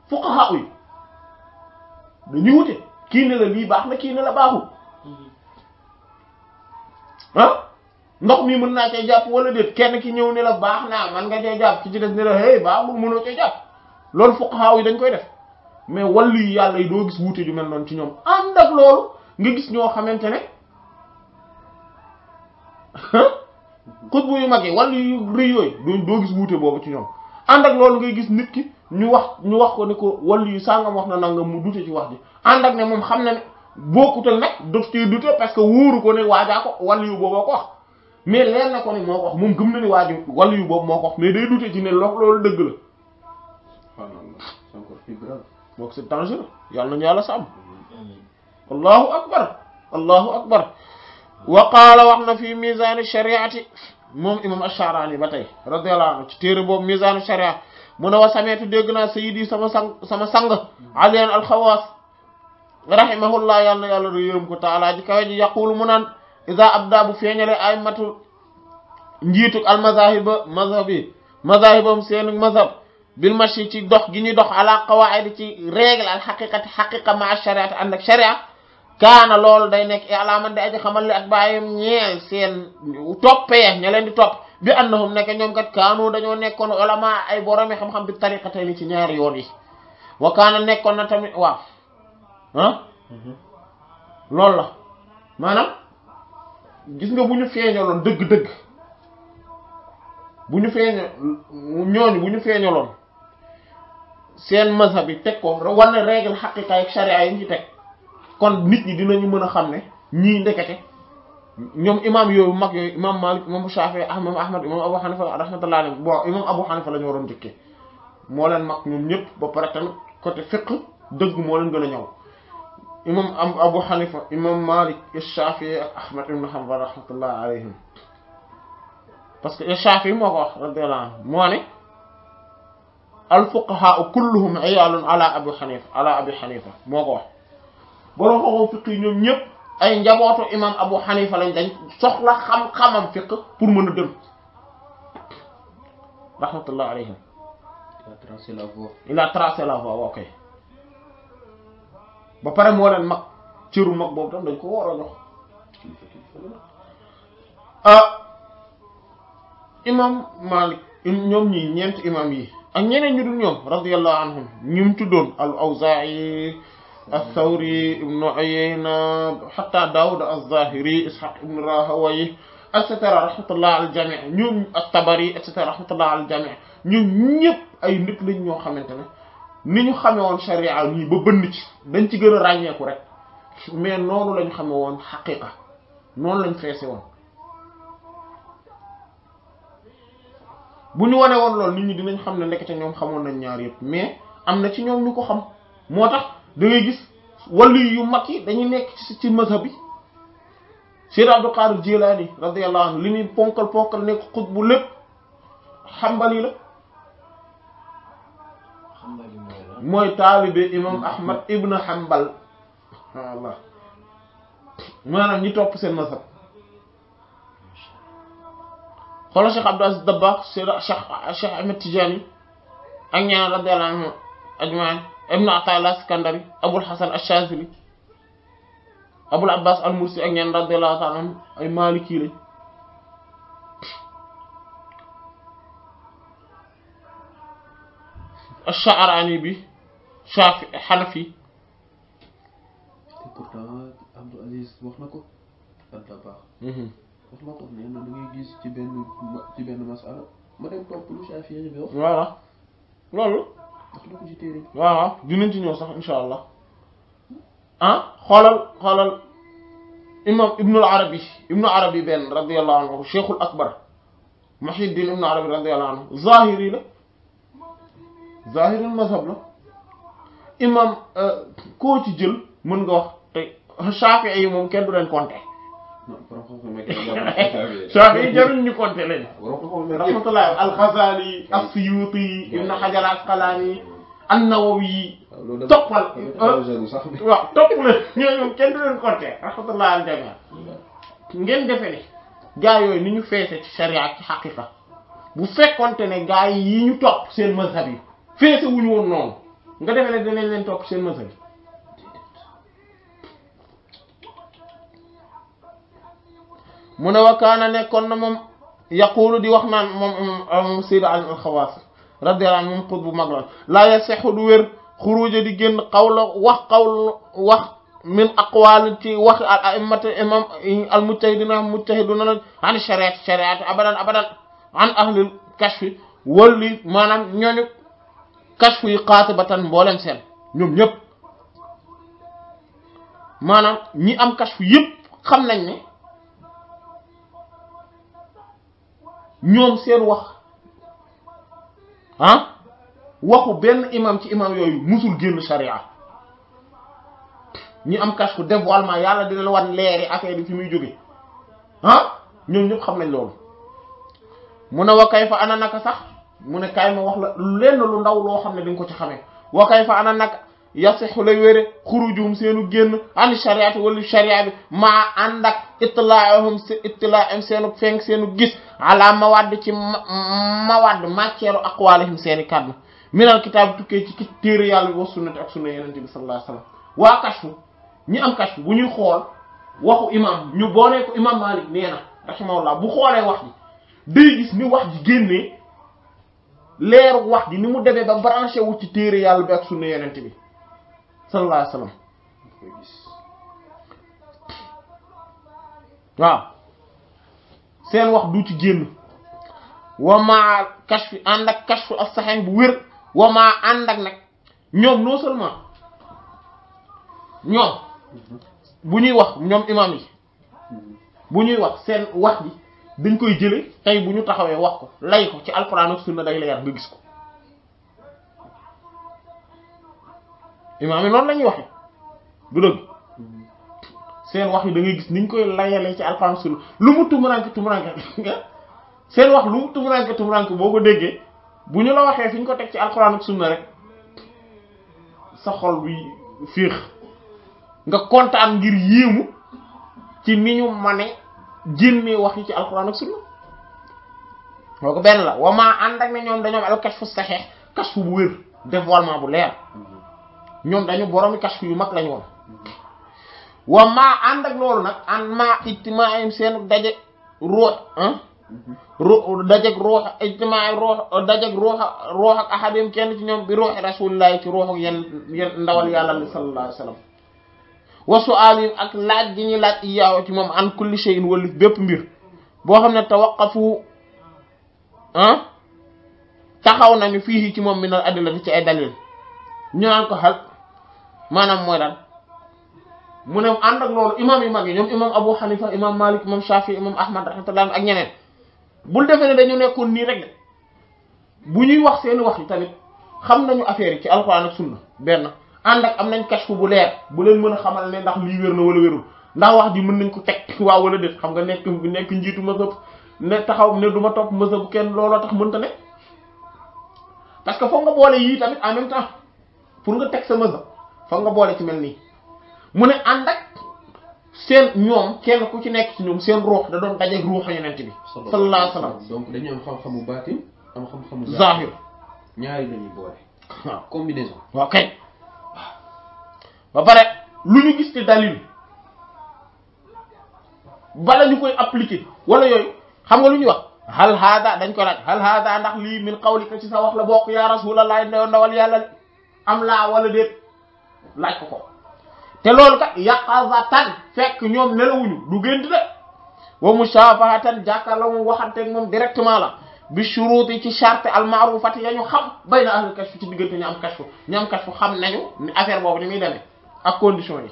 fuqaha yi dañuy wute kii ne lii baax na kii ne la baaxul ah ndox mi mën naa cee jàpp wala déet kenn ki ñëw ne la baax naa man nga cee jàpp ki ci def ne la hey baaxul mënoo cee jàpp loolu fuqaha yi dañ koy def mais wàllu yi yàlla yi doo gis wuute ju mel noonu ci ñoom ànd ak loolu nga gis ñoo xamante ne ah, xutba yu mag yi wala yu rëy yooyu doo gis wuute boobu ci ñoom ànd ak loolu ngay gis nit ki ñu wax ñu wax ko ne ko wala yu sàngam wax na nangam mu dute ci wax ji ànd ne moom xam na ne bokkutal nag daf cee dute parce que wóoru ko ne waajaa ko wala yu booboo a wax mais leer na ko ne moo ko moom gëm na ne waa ji yu boobu moo ko wax day dute ci ne lox loolu dëgg la. waaw non donc yàlla sàmm. allahu akbar allahu akbar. wa qaala wax na fi mizaani moom imam Asharaani ba tey radiyallahu anhu ci téere boobu misaanu sharia mu ne wa sameetu dégg naa sayidi sama sang sama sang alian alxawaas rahimahullah yàlla na yàlla yërëm ko taalaa ji kawe ji yaqulu mu naan isa abda bu feeñale ay matul njiitu almazahiba mazhabi mazahibam seenu mazhab bil machi ci dox gi ñuy dox ala qawaid ci règle al xaqiqati xaqiqa ma shariat ànd ak sharia kaana lool day nekk alaaman di aji xamal li ak bàyyam ñeel seen toppee ña leen di topp bi na annahum nekk ñoom kat kaanu dañoo nekkoon ulama ay boromi xam-xam bi tariqatayni ci ñaari yoon yi wa kaana nekkoon na tamit waaw ah mhm. loolu la maanaam gis nga bu ñu feeñaloon dëgg-dëgg bu ñu feeño bu ñu feeñaloon seen mazhab bi teg ko war na règle xaqiqa ak sharia yi ñu teg kon nit ñi dinañu mëna xamné ñi ndekete ñom imam yoyu mag yoyu imam Malik imam Shafi ahmad Ahmad imam Abu Hanifa rahmatullah alayhi bon imam Abu Hanifa lañu waron waroon mo leen mag ñoom ñëpp ba pare tamit côté fiqh dëgg mo leen gëna a ñëw imam Abu Hanifa imam Malik Shafi Ahmad ibn Hanbal rahmatullah alayhim parce que Shafi moo wax radhiyallahu anhu moo ne al fuqaha kulluhum iyalun ala Abu Hanifa ala Abi Hanifa moo borom xam-xam fiq ñoom ñëpp ay njabootu imam Abu Hanifa lañ dañ soxla xam-xamam fiq pour mën a dem rahmatullah alayhim il a la voie il ba pare moo leen mag cëru mag boobu tam dañ ko war a ah, imam Malik ñoom ñii ñeent imam yi ak ñeneen ñu dul ñoom radiyallahu anhum ñu tuddoon al Awzaa'i الثوري ابن عيينة حتى داود الظاهري إسحاق ابن راهوي etc رحمة الله على الجميع ñoom الطبري etc رحمة الله على الجميع ñoom ñëpp ay nit lañ ñoo xamante ni ñu xame woon sharia nii ba bënn ci dañ ci gën a ràññeeku rek mais noonu lañ xame woon xaqiqa noonu lañ feese woon bu ñu wane woon loolu nit ñi dinañ xam ne ndekete ñoom xamoon nañ ñaar yëpp mais am ci ñoom ñu xam moo da ngay gis wàllu yu mag yi dañuy nekk ci ci mazhab bi Seyd Abdul Qaadir Jilaani radiyallahu anhu li ñuy ponkal ponkal nekk xut bu lépp xambali la mooy taalibe imam Ahmad ibn Hanbal Allah maanaam ñi topp seen mazhab xoolal Cheikh Abdou Aziz Dabakh Cheikh Cheikh Ahmed Tidiane ak ñaan radiyallahu anhu ajmain ابن عطاء الاسكندري ابو الحسن الشاذلي ابو العباس المرسي اك نين رضي الله تعالى اي مالكي لا الشعراني بي شافعي حنفي تبرتاد عبد العزيز واخناكو عبد الله اهم واخناكو نين دا نغي غيس تي بن تي بن مساله ما دم توك لو شافعي بي واخ لا لا waaw dinañ ci ñëw sax insha allah ah xoolal xoolal imam ibnul arabi ibnul arabi benn radiallahu anhu cheikhul akbar muhiddin ibnul arabi radiallahu anhu zahiri la zahirul mazhab la imam euh, koo ci jël mën nga wax te shafii yi moom kenn du leen compter Shaafi'i jaruñ ñu compter leen. rahmatullah al-Ghazali as-Suyuti Ibn Hajar al-Asqalani an-Nawawi toppal topp la ñooñu kenn du leen compter rahmatullah al eh? jami ngeen defe ne gaa yooyu ni ñu feese ci sharia ci xaqiqa bu fekkonte ne gaa yi ñu topp seen mazhab yi feese wuñu woon noonu nga defe ne danañ leen topp seen mazhab yi mu ne kon nekkoon na moom yaquulu di wax naan moom Seydi al khawas radiyallahu anhu moom magra la yasihu du wér khuruja di génn qawla wax qawl wax min aqwal ti wax al a'immat imam al mujtahidina mujtahiduna an shariat shariat abadan abadan an ahli al kashf wali manam ñooñu kashf yi qatibatan mboolem sen ñom ñep manam ñi am kashf yep xam nañ ni ñom seen wax han waxu ben imam ci imam yoy musul génn sharia ñi am kashfu dévoilement yàlla dina la wan léré affaire yi fi muy joggé han ñom ñep xam nañ lool muna wa kayfa ana naka sax muna kayma wax la lenn lu ndaw lo xamné bi ngi ko ci xamé wa kayfa ana naka yasixu lay wére xurujum seenu génn an shariati wala sharia bi maa ànd ak itlaahum se itlaahum seenu fenk seenu gis ala mawadd ci mawadd matière aqwalihim seeni kàddu minal kitaab tukkee ci téere yàlla bi wa sunnati ak sunna yenente bi sallallahu alayhi waa kashfu ñi am kashfu bu ñuy xool waxu imam ñu boonee ko imam Malik nee bu xoolee wax ji day gis ni wax ji génnee leeru wax ji ni mu demee ba branché wu ci téere yàlla bi ak bi sallallahu alayhi waaw seen wax du ci génn wa maa kashfi ànd ak kashfu as-sahin bu wér wamaa maa ànd ak nag ñoom non seulement ñoom bu ñuy wax ñoom imam yi bu ñuy wax seen wax bi dañ koy jële tey bu ñu taxawee wax ko lay ko ci alquran ak sunna day leer nga gis ko Imam non noonu belum. waxe du deug seen wax yi da ngay gis niñ koy layalee ci alxuraan sunu lu mu tumuranke tumuranke seen wax lu mu tumuranke tu boo ko déggee bu ñu la waxe fiñ ko tek ci alquran ak sunna rek sa xol bi fiix nga kontaan ngir yéemu ci miñu mané mane wax yi ci alquran ak sunna boko ben la wama ànd ak ne ñom dañu al kashfu sahih kashfu bu dévoilement bu leer ñoom dañu boromi kashf yu mag lañu woon wa maa ànd ak loolu nag an maa ijtimaa'im seen daje ruux ah ru dajeg ruux ijtimaa ruux dajeg ruux ruux ak ahadim kenn ci ñoom bi ruuxi rasulillahi ci ruuxu yenn ndawal yàlla li sallallahu alayhi wa sallam wa ak laaj gi ñuy laaj iyaaw ci moom an kulli shay'in wala bépp mbir boo xam ne tawaqafu taxaw nañu fii ci moom min al adilla ci ay ñu naan ko xal maanaam mooy lan mu ne ànd ak loolu imam yu mag yi ñoom imam Abu Hanifa imam Malik imam Shafi imam Ahmad rahmatullah ak ñeneen bul defee ne dañu nekkoon nii rek bu ñuy wax seeni wax yi tamit xam nañu affaire yi ci alquran ak sunna benn ànd ak am nañ kashfu bu leer bu leen mën a xamal ne ndax lii wér na wala wérul ndax wax ji mën nañ ko teg waaw wala déet xam nga nekk nekk njiitu mazhab ne taxaw ne du ma topp mazhab kenn looloo tax mënta ne parce que foog nga boole yii en même temps pour nga teg sa mazhab foog nga boole ci mel nii mu ne ànd ak seen ñoom kenn ku ci nekk ci ñoom seen ruux da doon dajeeg ruuxa yonent bi sallallahu alayhi wasallam donc dañu am xam-xamu baatin am ba pare lu ñu gis te dalil bala ñu koy appliquer wala yooyu xam nga lu ñuy wax hal hada dañ ko laaj hal hada ndax lii min qawlika ci sa wax la bokk ya rasulallah ndawal yàlla am laa wala déet laaj ko ko te loolu kat yaqazatan fekk ñoom nelawuñu du gént de wa mushafahatan jàkkaarloo mu waxanteeg moom directement la bi shuruti ci charte al ma'rufati ya ñu xam bay na ahli kashf ci diggante ñu am kashf ñu am kashf xam nañu ni affaire boobu ni muy demee ak condition yi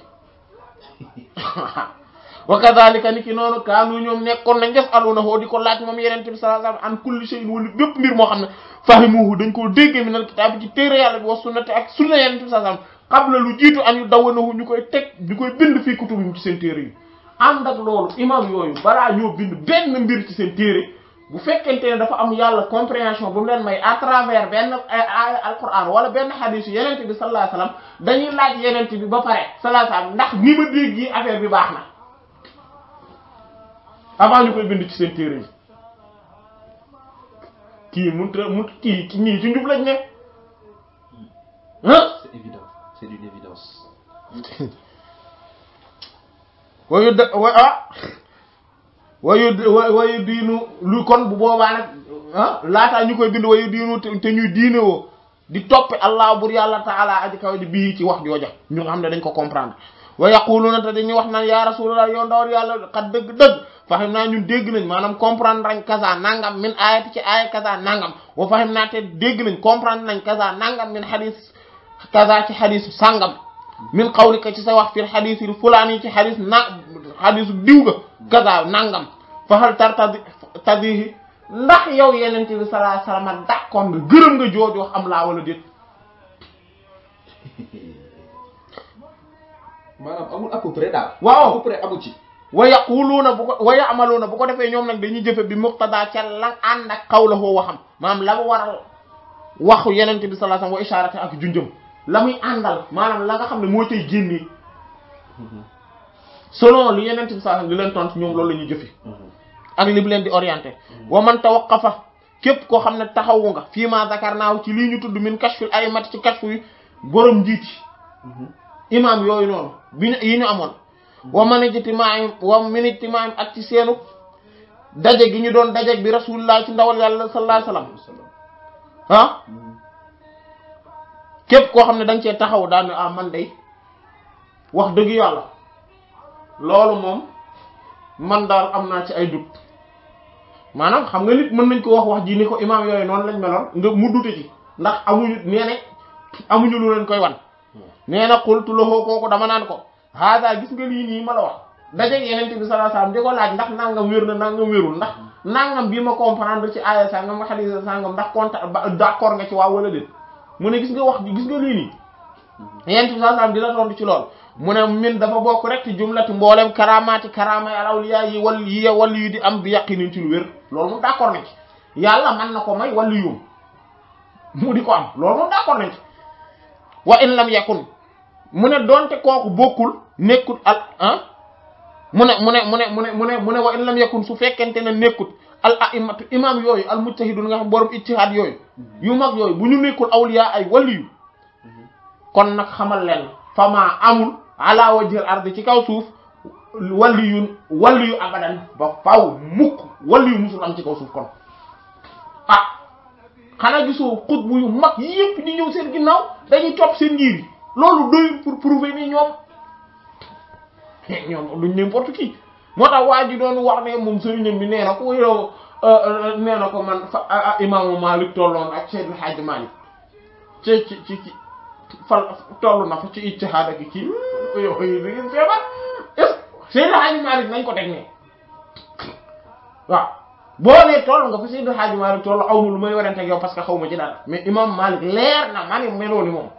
wa kadhalika ni ki noonu kaanu ñoom nekkoon nañ def aluna hoo di ko laaj moom yenente bi sallallahu alayhi wasallam an kulli moo xam ne fahimuhu dañ koo dégg mi nal kitaab bi ci téere yàlla bi wa sunnati ak sunna yenente bi sallallahu alayhi wasallam qabla lu jiitu an yu dawanahu ñu koy teg ñu koy bind fii kutubihim ci seen téere yi ànd ak loolu imam yooyu balaa ñoo bind benn mbir ci seen téere bu fekkente ne dafa am yàlla compréhension bu mu leen may à travers benn eh, aaya alquran wala benn hadith yeneen bi sallallahu alayhi wasallam dañuy laaj yeneen bi ba pare sallallahu alayhi wasallam ndax ni ma dégg yi affaire bi baax na avant ñu koy bind ci seen téere yi kii mënut a mënut kii kii ñii ci njub lañ ne ah. c'est évident. c'est d'une évidence wayu ah wayu wayu diinu lu kon bu boobaa nag ah laataa ñu koy bind wayu diinu te ñuy diine woo di toppe allah bur yàlla taala aji kaw di bii ci wax jooja ñu nga xam ne dañ ko comprendre wa yaquluuna te dañuy wax naan yaa rasulallah yow ndawar yàlla xat dëgg-dëgg fahim naa ñun dégg nañ maanaam comprendre nañ kaza nangam min aayati ci aaya kaza nangam wa fahim naa te dégg nañ comprendre nañ kaza nangam min hadis kaza ci xadisu sàngam min qawlika ci sa wax fil xadis yi fulaan ci xadis diw ga kaza nangam fa hal tartadi tadihi ndax yow yenente bi sallallahu alayhi wasallam d'accord nga gërëm nga jooju wax am laa wala déet maanaam amul à waaw à peu près wa yaquluuna bu bu ko defee ñoom nag dañuy jëfe bi muqtada ca la ànd ak xawla woo waxam la waral waxu yenente bi sallallahu alayhi wasallam wa isharati ak junjëm la muy àndal maanaam la nga xam ne moo cay génnee mhm. selon lu yeneen bi saa li leen tontu ñoom loolu la ñuy jëfe mhm. ak li mu leen di orienté mhm. wa man tawaqqafa képp koo xam ne taxawu nga fii ma naaw ci lii ñu tudd min kashful aymat ci kashfu yi borom njiit yi imaam yooyu noonu bi ñu yi ñu amoon wa man ijtimaa'im wa min ijtimaa'im ak ci seenu daje gi ñu doon daje bi rasulullah ci ndawal yàlla la alayhi wasallam ah képp koo xam ne da cee taxaw daanu ah man day wax dëgg yàlla loolu moom man daal am naa ci ay dut maanaam xam nga nit mën nañ ko wax wax ji ni ko imaam yooyu noonu lañ meloon nga mu dute ci ndax amuñu nee ne amuñu lu leen koy wan nee na xultu loxoo kooku dama naan ko haada gis nga lii nii ma la wax dajeeg yeneen bi sallallahu alayhi wasallam diko ko laaj ndax nangam wér na nangam wëru ndax nangam bi ma comprendre ci aaya sangam hadith sangam ndax conta d'accord nga ci wa wala dit mu ne gis nga wax gis nga lii nii yent bi sallallahu alayhi wasallam dina tontu ci lool mu ne min dafa bokk rek ci jumlati mboolem karamaati karaama al awliya yi wal yi yu di am bi yaqinin ci lu wér loolu moom d'accord nañ yàlla mën na ko may wàllu yum mu di ko am loolu moom d'accord nañ wa in lam yakun mu ne donte kooku bokkul nekkut al ah mu ne mu ne mu ne mu ne mu ne mu ne wa in lam yakun su fekkente ne nekkut al aimatu imam yooyu al mujtahidun nga xam borom ijtihaad yooyu yu mag yooyu bu ñu nekkul awliya ay waliyu kon nag xamal leen fama amul ala wajhil ardi ci kaw suuf waliyun waliyu abadan ba faaw mukk waliyu musul am ci kaw suuf kon ah xanaa gisoo xutbu yu mag yépp ñi ñëw seen ginnaaw dañuy topp seen njiir yi loolu doyul pour prouver ni ñoom ñoom duñ n'importe qui moo tax waa ji doon wax ne moom sëriñam bi nee na ko yow euh, euh, nee na ko man imaamu Malik tolloon ak Seydil Malik ci fal toll na fa ci ijtihaad ak kii yow da ngeen Malik nañ ko teg ne waaw boo nee toll nga fa Seydil Hadji Malik toll aw ma lu may warante ak yow parce que xaw ma ci dara mais imam Malik leer na ma ne moom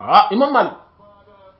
ah imam Malik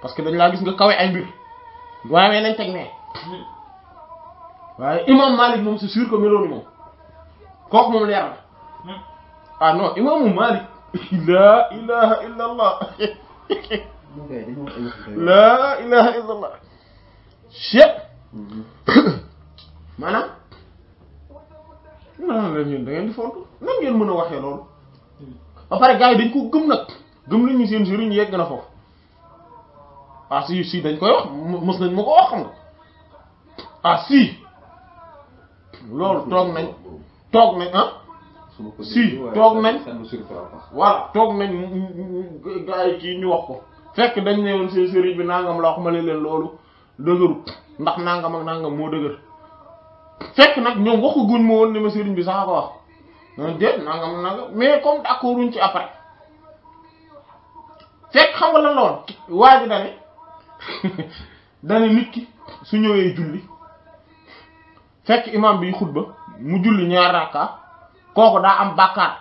parce que dañ la gis nga kawé ay mbir waaye nañ tek né imam malik mom c'est sûr que meloonu mom kok mom leer hmm. ah non imam malik la ilaha illa allah la ilaha illa allah cheikh manam hmm. non la ñu da ngeen di fontu nan ngeen mëna waxé lool hmm. ba paré gaay dañ ko gëm nak gëm ñu seen jëriñ yegg na fofu ah si si dañ koy wax mës nañ ma ko wax xam nga ah si loolu toog nañ toog nañ ah si toog nañ voilà toog nañ gaa yi kii ñu wax ko fekk dañ ne woon seen bi nangam la wax ma leen loolu dëgëru ndax nangam ak nangam moo dëgër fekk nag ñoom waxu guñ ma woon ne ma sëriñ bi sax ko wax non déet nangam nangam mais comme d'accord wuñ ci après fekk xam nga lan la dane nit ki su ñëwee julli fekk imam bi xutba mu julli ñaar rakka kooku daa am bàkkaar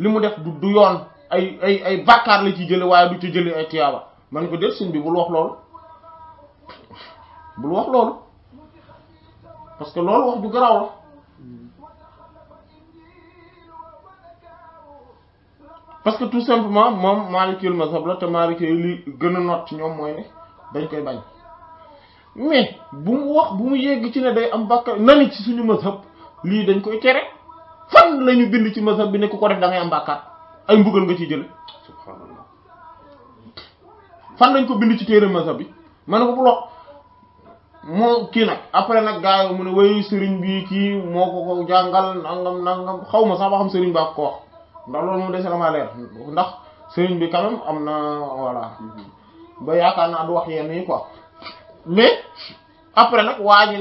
li mu def du du yoon ay ay ay la ci jële waaye du ci jële ay tiyaaba man ko def suñ bi bul wax loolu bul wax loolu parce que loolu wax bu garaaw la parce que tout simplement moom maalikul mazhab la te maalikee gën a noot ci ñoom mooy ne dañ koy bañ mais bu mu wax bu mu yegg ci ne day am bàkkaar nani ci suñu mazhab lii dañ koy tere fan lañu bind ci mazhab bi ne ko def dangay am bàkkaar ay mbugal nga ciy jële fan lañ ko bind ci téere mazhab bi ma ne ko bu lox moo kii nag après nag gars mu ne way sëriñ bi kii moo ko ko jàngal nangam nangam xaw ma sax ba xam sëriñ baa ko wax ndax loolu moom dese na maa leer ndax sëriñ bi quand même am na voilà mm-hmm. ba yaakaar naa du wax yenn yi ko mais après nag waa ji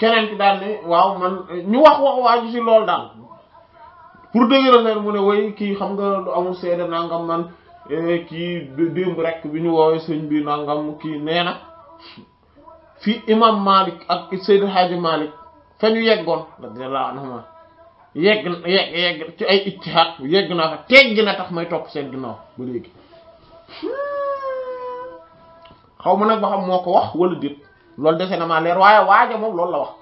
keneen ki daal ne waaw man ñu wax wax waa ji loolu daal pour dëgëral leen mu ne way kii xam nga du amul seede nangam man eh, kii démb rek bi ñu woowee sëñ bi nangam kii nee na fi imam Malik ak Seydi Hadji Malik fa ñu yeggoon radiyallahu anhuma yegg yegg yegg ci ay ijtihaad yegg naa fa tegg na tax may topp seen ginnaaw ba léegi xaw ma nag ba xam moo ko wax wala déet loolu defe na maa leer waaye waaja moom loolu la wax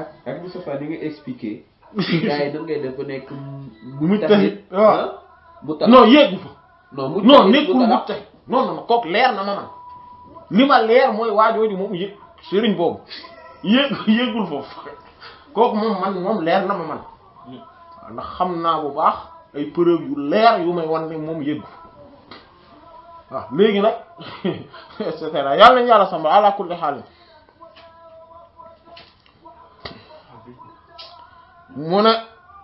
ak ak Moustapha ni nga expliqué nekkul mu taxit non non kooku leer na ma man li ma leer mooy waajooju moom yëg sëriñ boobu yéeg foofu kooku moom man moom leer na ma man ndax xam naa bu baax ay preuve yu leer yu may wan ne moom yëggu waaw léegi nag et cetera yàlla nañu yàlla samba ala kulli xaal mu ne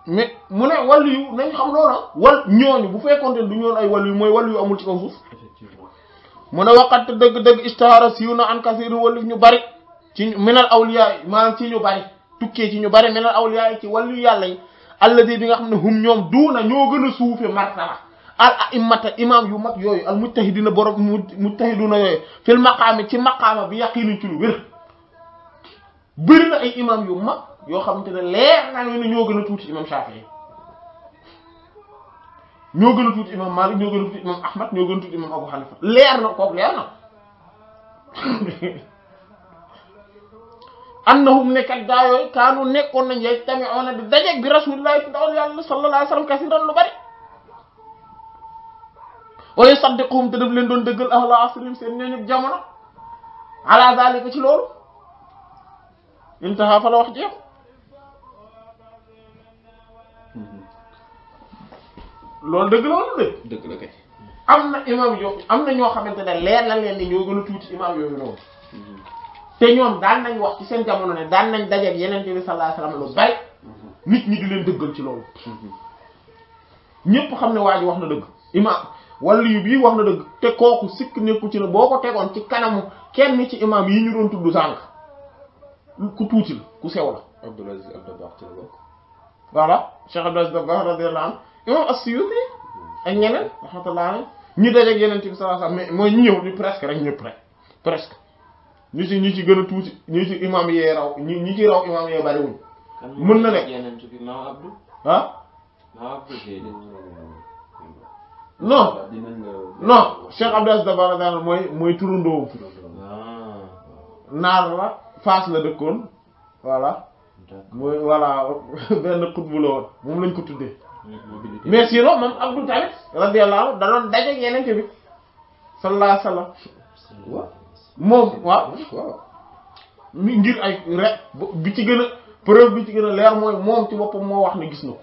mais mu ne wàllu yu nañ xam loolu wal ñooñu bu fekkoonte du ñoon ay wàllu yu mooy wàllu yu amul ci kaw suuf mu ne waxat dëgg-dëgg istihara siiw na an kasiru wàllu ñu bari ci minal awliya maanaam ci ñu bari tukkee ci ñu bari minal awliya ci wàllu yàlla alladi bi nga xam ne hum ñoom duuna ñoo gën a suufe martaba al a'immata imam yu mag yooyu al mujtahidina borom mujtahiduna yooyu fil maqaami ci maqaama bi yaqiinu ci lu wér na ay imam yu mag yoo xamante ne leer naa ne ñoo gën a tuuti imam Shafi'i ñoo gën a tuuti imam Malik ñoo gën a tuuti imam Ahmad ñoo gën a tuuti imam Abu Hanifa leer na kooku leer na انهم نكال داو كانوا نيكون يجتمعون بالدجاج برسول الله صلى الله عليه وسلم كثيرا لو بري ويصدقهم تدب لين دون دغل اهل عصرهم سين نيب جامونا على ذلك تي لول انتهى فلا وخ جيخ لول دغ لول دي دغ لا كاي امنا امام يو امنا ньо خامتاني لير لا لين ньо غلو توتي امام يو نو te ñoom daan nañ wax ci seen jamono ne daan nañ dajeeg yeneen bi sallallahu lu bari nit ñi di leen dëggal ci loolu ñëpp xam ne waa wax na dëgg imaam wala yu bii wax na dëgg te kooku sikk nekku ci ne boo ko tegoon ci kanamu kenn ci imaam yi ñu roon tudd sànq ku tuuti la ku sew la Abdul Aziz Dabakh ci la bokk voilà Cheikh Abdul Aziz Dabakh radiyallahu anhu imaam As-Suyuti ak ñeneen rahmatullahi ñu dajeeg yeneen bi sallallahu mais mooy ñëw ñu rek ñëpp rek ñu ci ñu ci gën a tuuti ñu ci imaam yee raw ñi ñi ci raw imaam yee bariwuñ. mën na nekk ah. non non Cheikh Abdou Aziz Dabala daal mooy mooy turandoo ah. naar la fas la dëkkoon voilà. mooy voilà benn xut bu la woon moom lañ ko tuddee. mais sinon moom Abdou tamit radiyallahu da doon daje yeneen bi sallallahu alayhi moom waaw mi ngir ay rek bi ci gën a preuve bi ci gën a leer mooy moom ci boppam moo wax ne gis na ko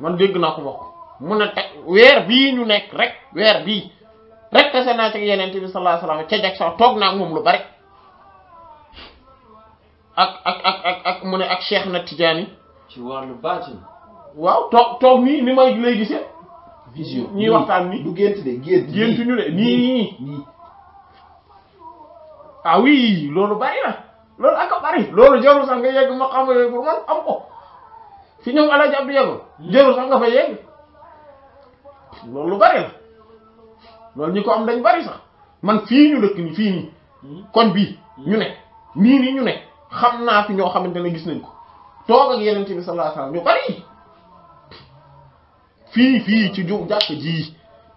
man dégg naa ko wax mu ne teg weer bii ñu nekk rek weer bii rek tase naa ci yeneen bi sallallahu alayhi wasallam ca jag sax toog naa ak moom lu bari ak ak ak ak ak mu ne ak Cheikh na Tidiane. ci wow baatin. waaw toog toog nii ni may lay gisee. vision ñuy waxtaan ni du gént de gént. gént ñu de nii ah oui loolu bari na loolu ak a bari loolu jarul sax nga yegg ma xam yooyu pour man am ko fi ñoom El Hadj Abdou yegg jarul sax nga fa yegg loolu bari la loolu ñi ko am dañ bari sax man fii ñu dëkk ni fii nii hmm. kon bii hmm. ñu ne nii nii ñu ne xam naa fi ñoo xamante ne gis nañ ko toog ak yeneen bi sallallahu alayhi ñu bari fii fii ci ju jàkk ji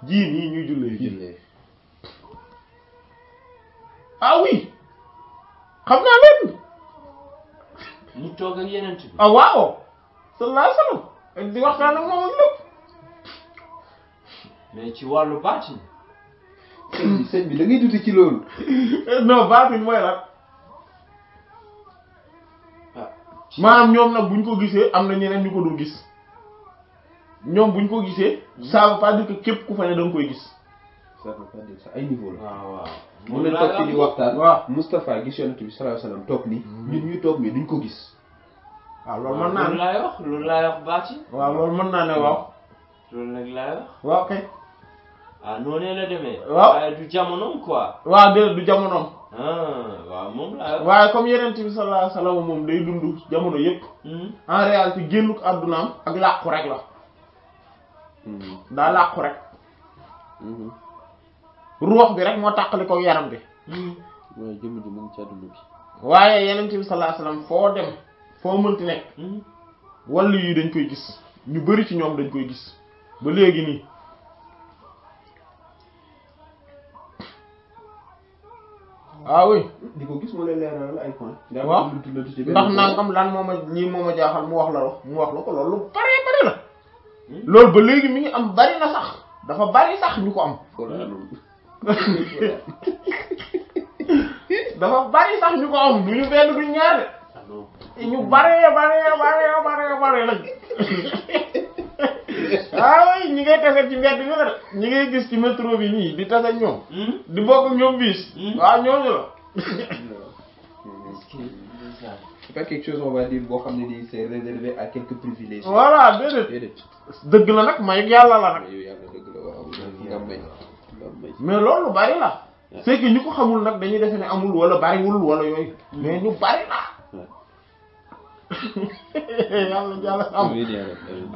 ji nii ñuy jullee ah oui xam naa leen. mu toog ak yeneen bi. ah waaw. sallallahu di waxtaan ak moom ak lépp. mais ci wàllu baatin. sëñ bi sëñ bi da ngay dute ci loolu. Eh, non baatin mooy lan. Ah, maanaam ñoom nag buñ ko gisee am na ñeneen ñu ko dul gis ñoom buñ ko gisee ça veut pas dire que képp ku fa ne da nga gis. ça veut pas dire ça ay niveau la. Ah, waaw waaw mun nañ toog ci di waxtaan. waaw Moustapha gis yonent bi mm-hmm. ko gis. Ah, waaw loolu mën naa ne loolu laay wax loolu laay wax bàcc. waaw loolu mën naa ne waaw. waaw ah, du jamonoom quoi. waaw du jamonoom. waaw moom laay wax. waaye comme yonent bi salaahu salaam moom day dund jamono yëpp. Hmm. en réalité génnuk ak làqu rek la. Hmm. daa làqu rek. Hmm. ruh bi rek mo tàqali ko yaram bi hmm. way jëmm ji mu ngi ci àdduna bi waye yenen bi sallallahu alayhi wasallam fo dem foo mënti nek hmm. wàllu yi dañ koy gis ñu bari ci ñom dañ koy gis ba legi ni ah oui diko gis mo lay leeral ay point ndax nangam lan moma ñi moma moo jaaxal mu wax la mu wax la ko lolu bare bare la hmm. lolu ba legi mi ngi am bari na sax dafa bari sax ñu ko am dafa bari sax ñu ko am duñu benn duñu ñaare ñu ah baree baree baree baree baree lañ waaw ñi ngay tase ci mbedd bi la ñi ngay gis ci métro bi ñii di tase ñoom hmm? di bokk ñoom biis waaw hmm? ah, ñooñu la c'est pas quelque chose on va dire dëgg la nag may mais loolu bari la c'est que ñu ko xamul nag dañuy defe ne amul wala bariwul wala yooyu mais ñu bari la yàlla yàlla am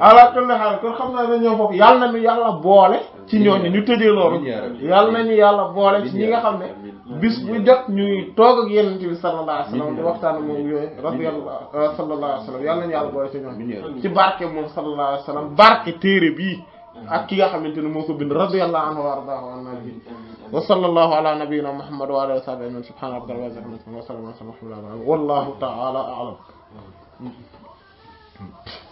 ala kulli xaal kon xam naa ne ñoom foofu euh, yàlla nañu yàlla boole ci ñooñu ñu tëjee loolu yàlla ñu yàlla boole ci ñi nga xam ne bis bu jot ñuy toog ak yeneen bi sallallahu alayhi wasallam di waxtaan moom yooyu radiyallahu sallallahu alayhi wasallam yàlla nañu yàlla boole ci ñoom ci barke moom sallallahu alayhi barke téere bii ak ki nga xamanteni moko moo ko bind radiyallahu anhu wa ardaahu nabi wa sallallahu ala nabiyyina muhammad wa ala sahbihi subhana rabbika rabbil izzati amma yasifun wa salamun ala al mursalin wallahu ta'ala a'lam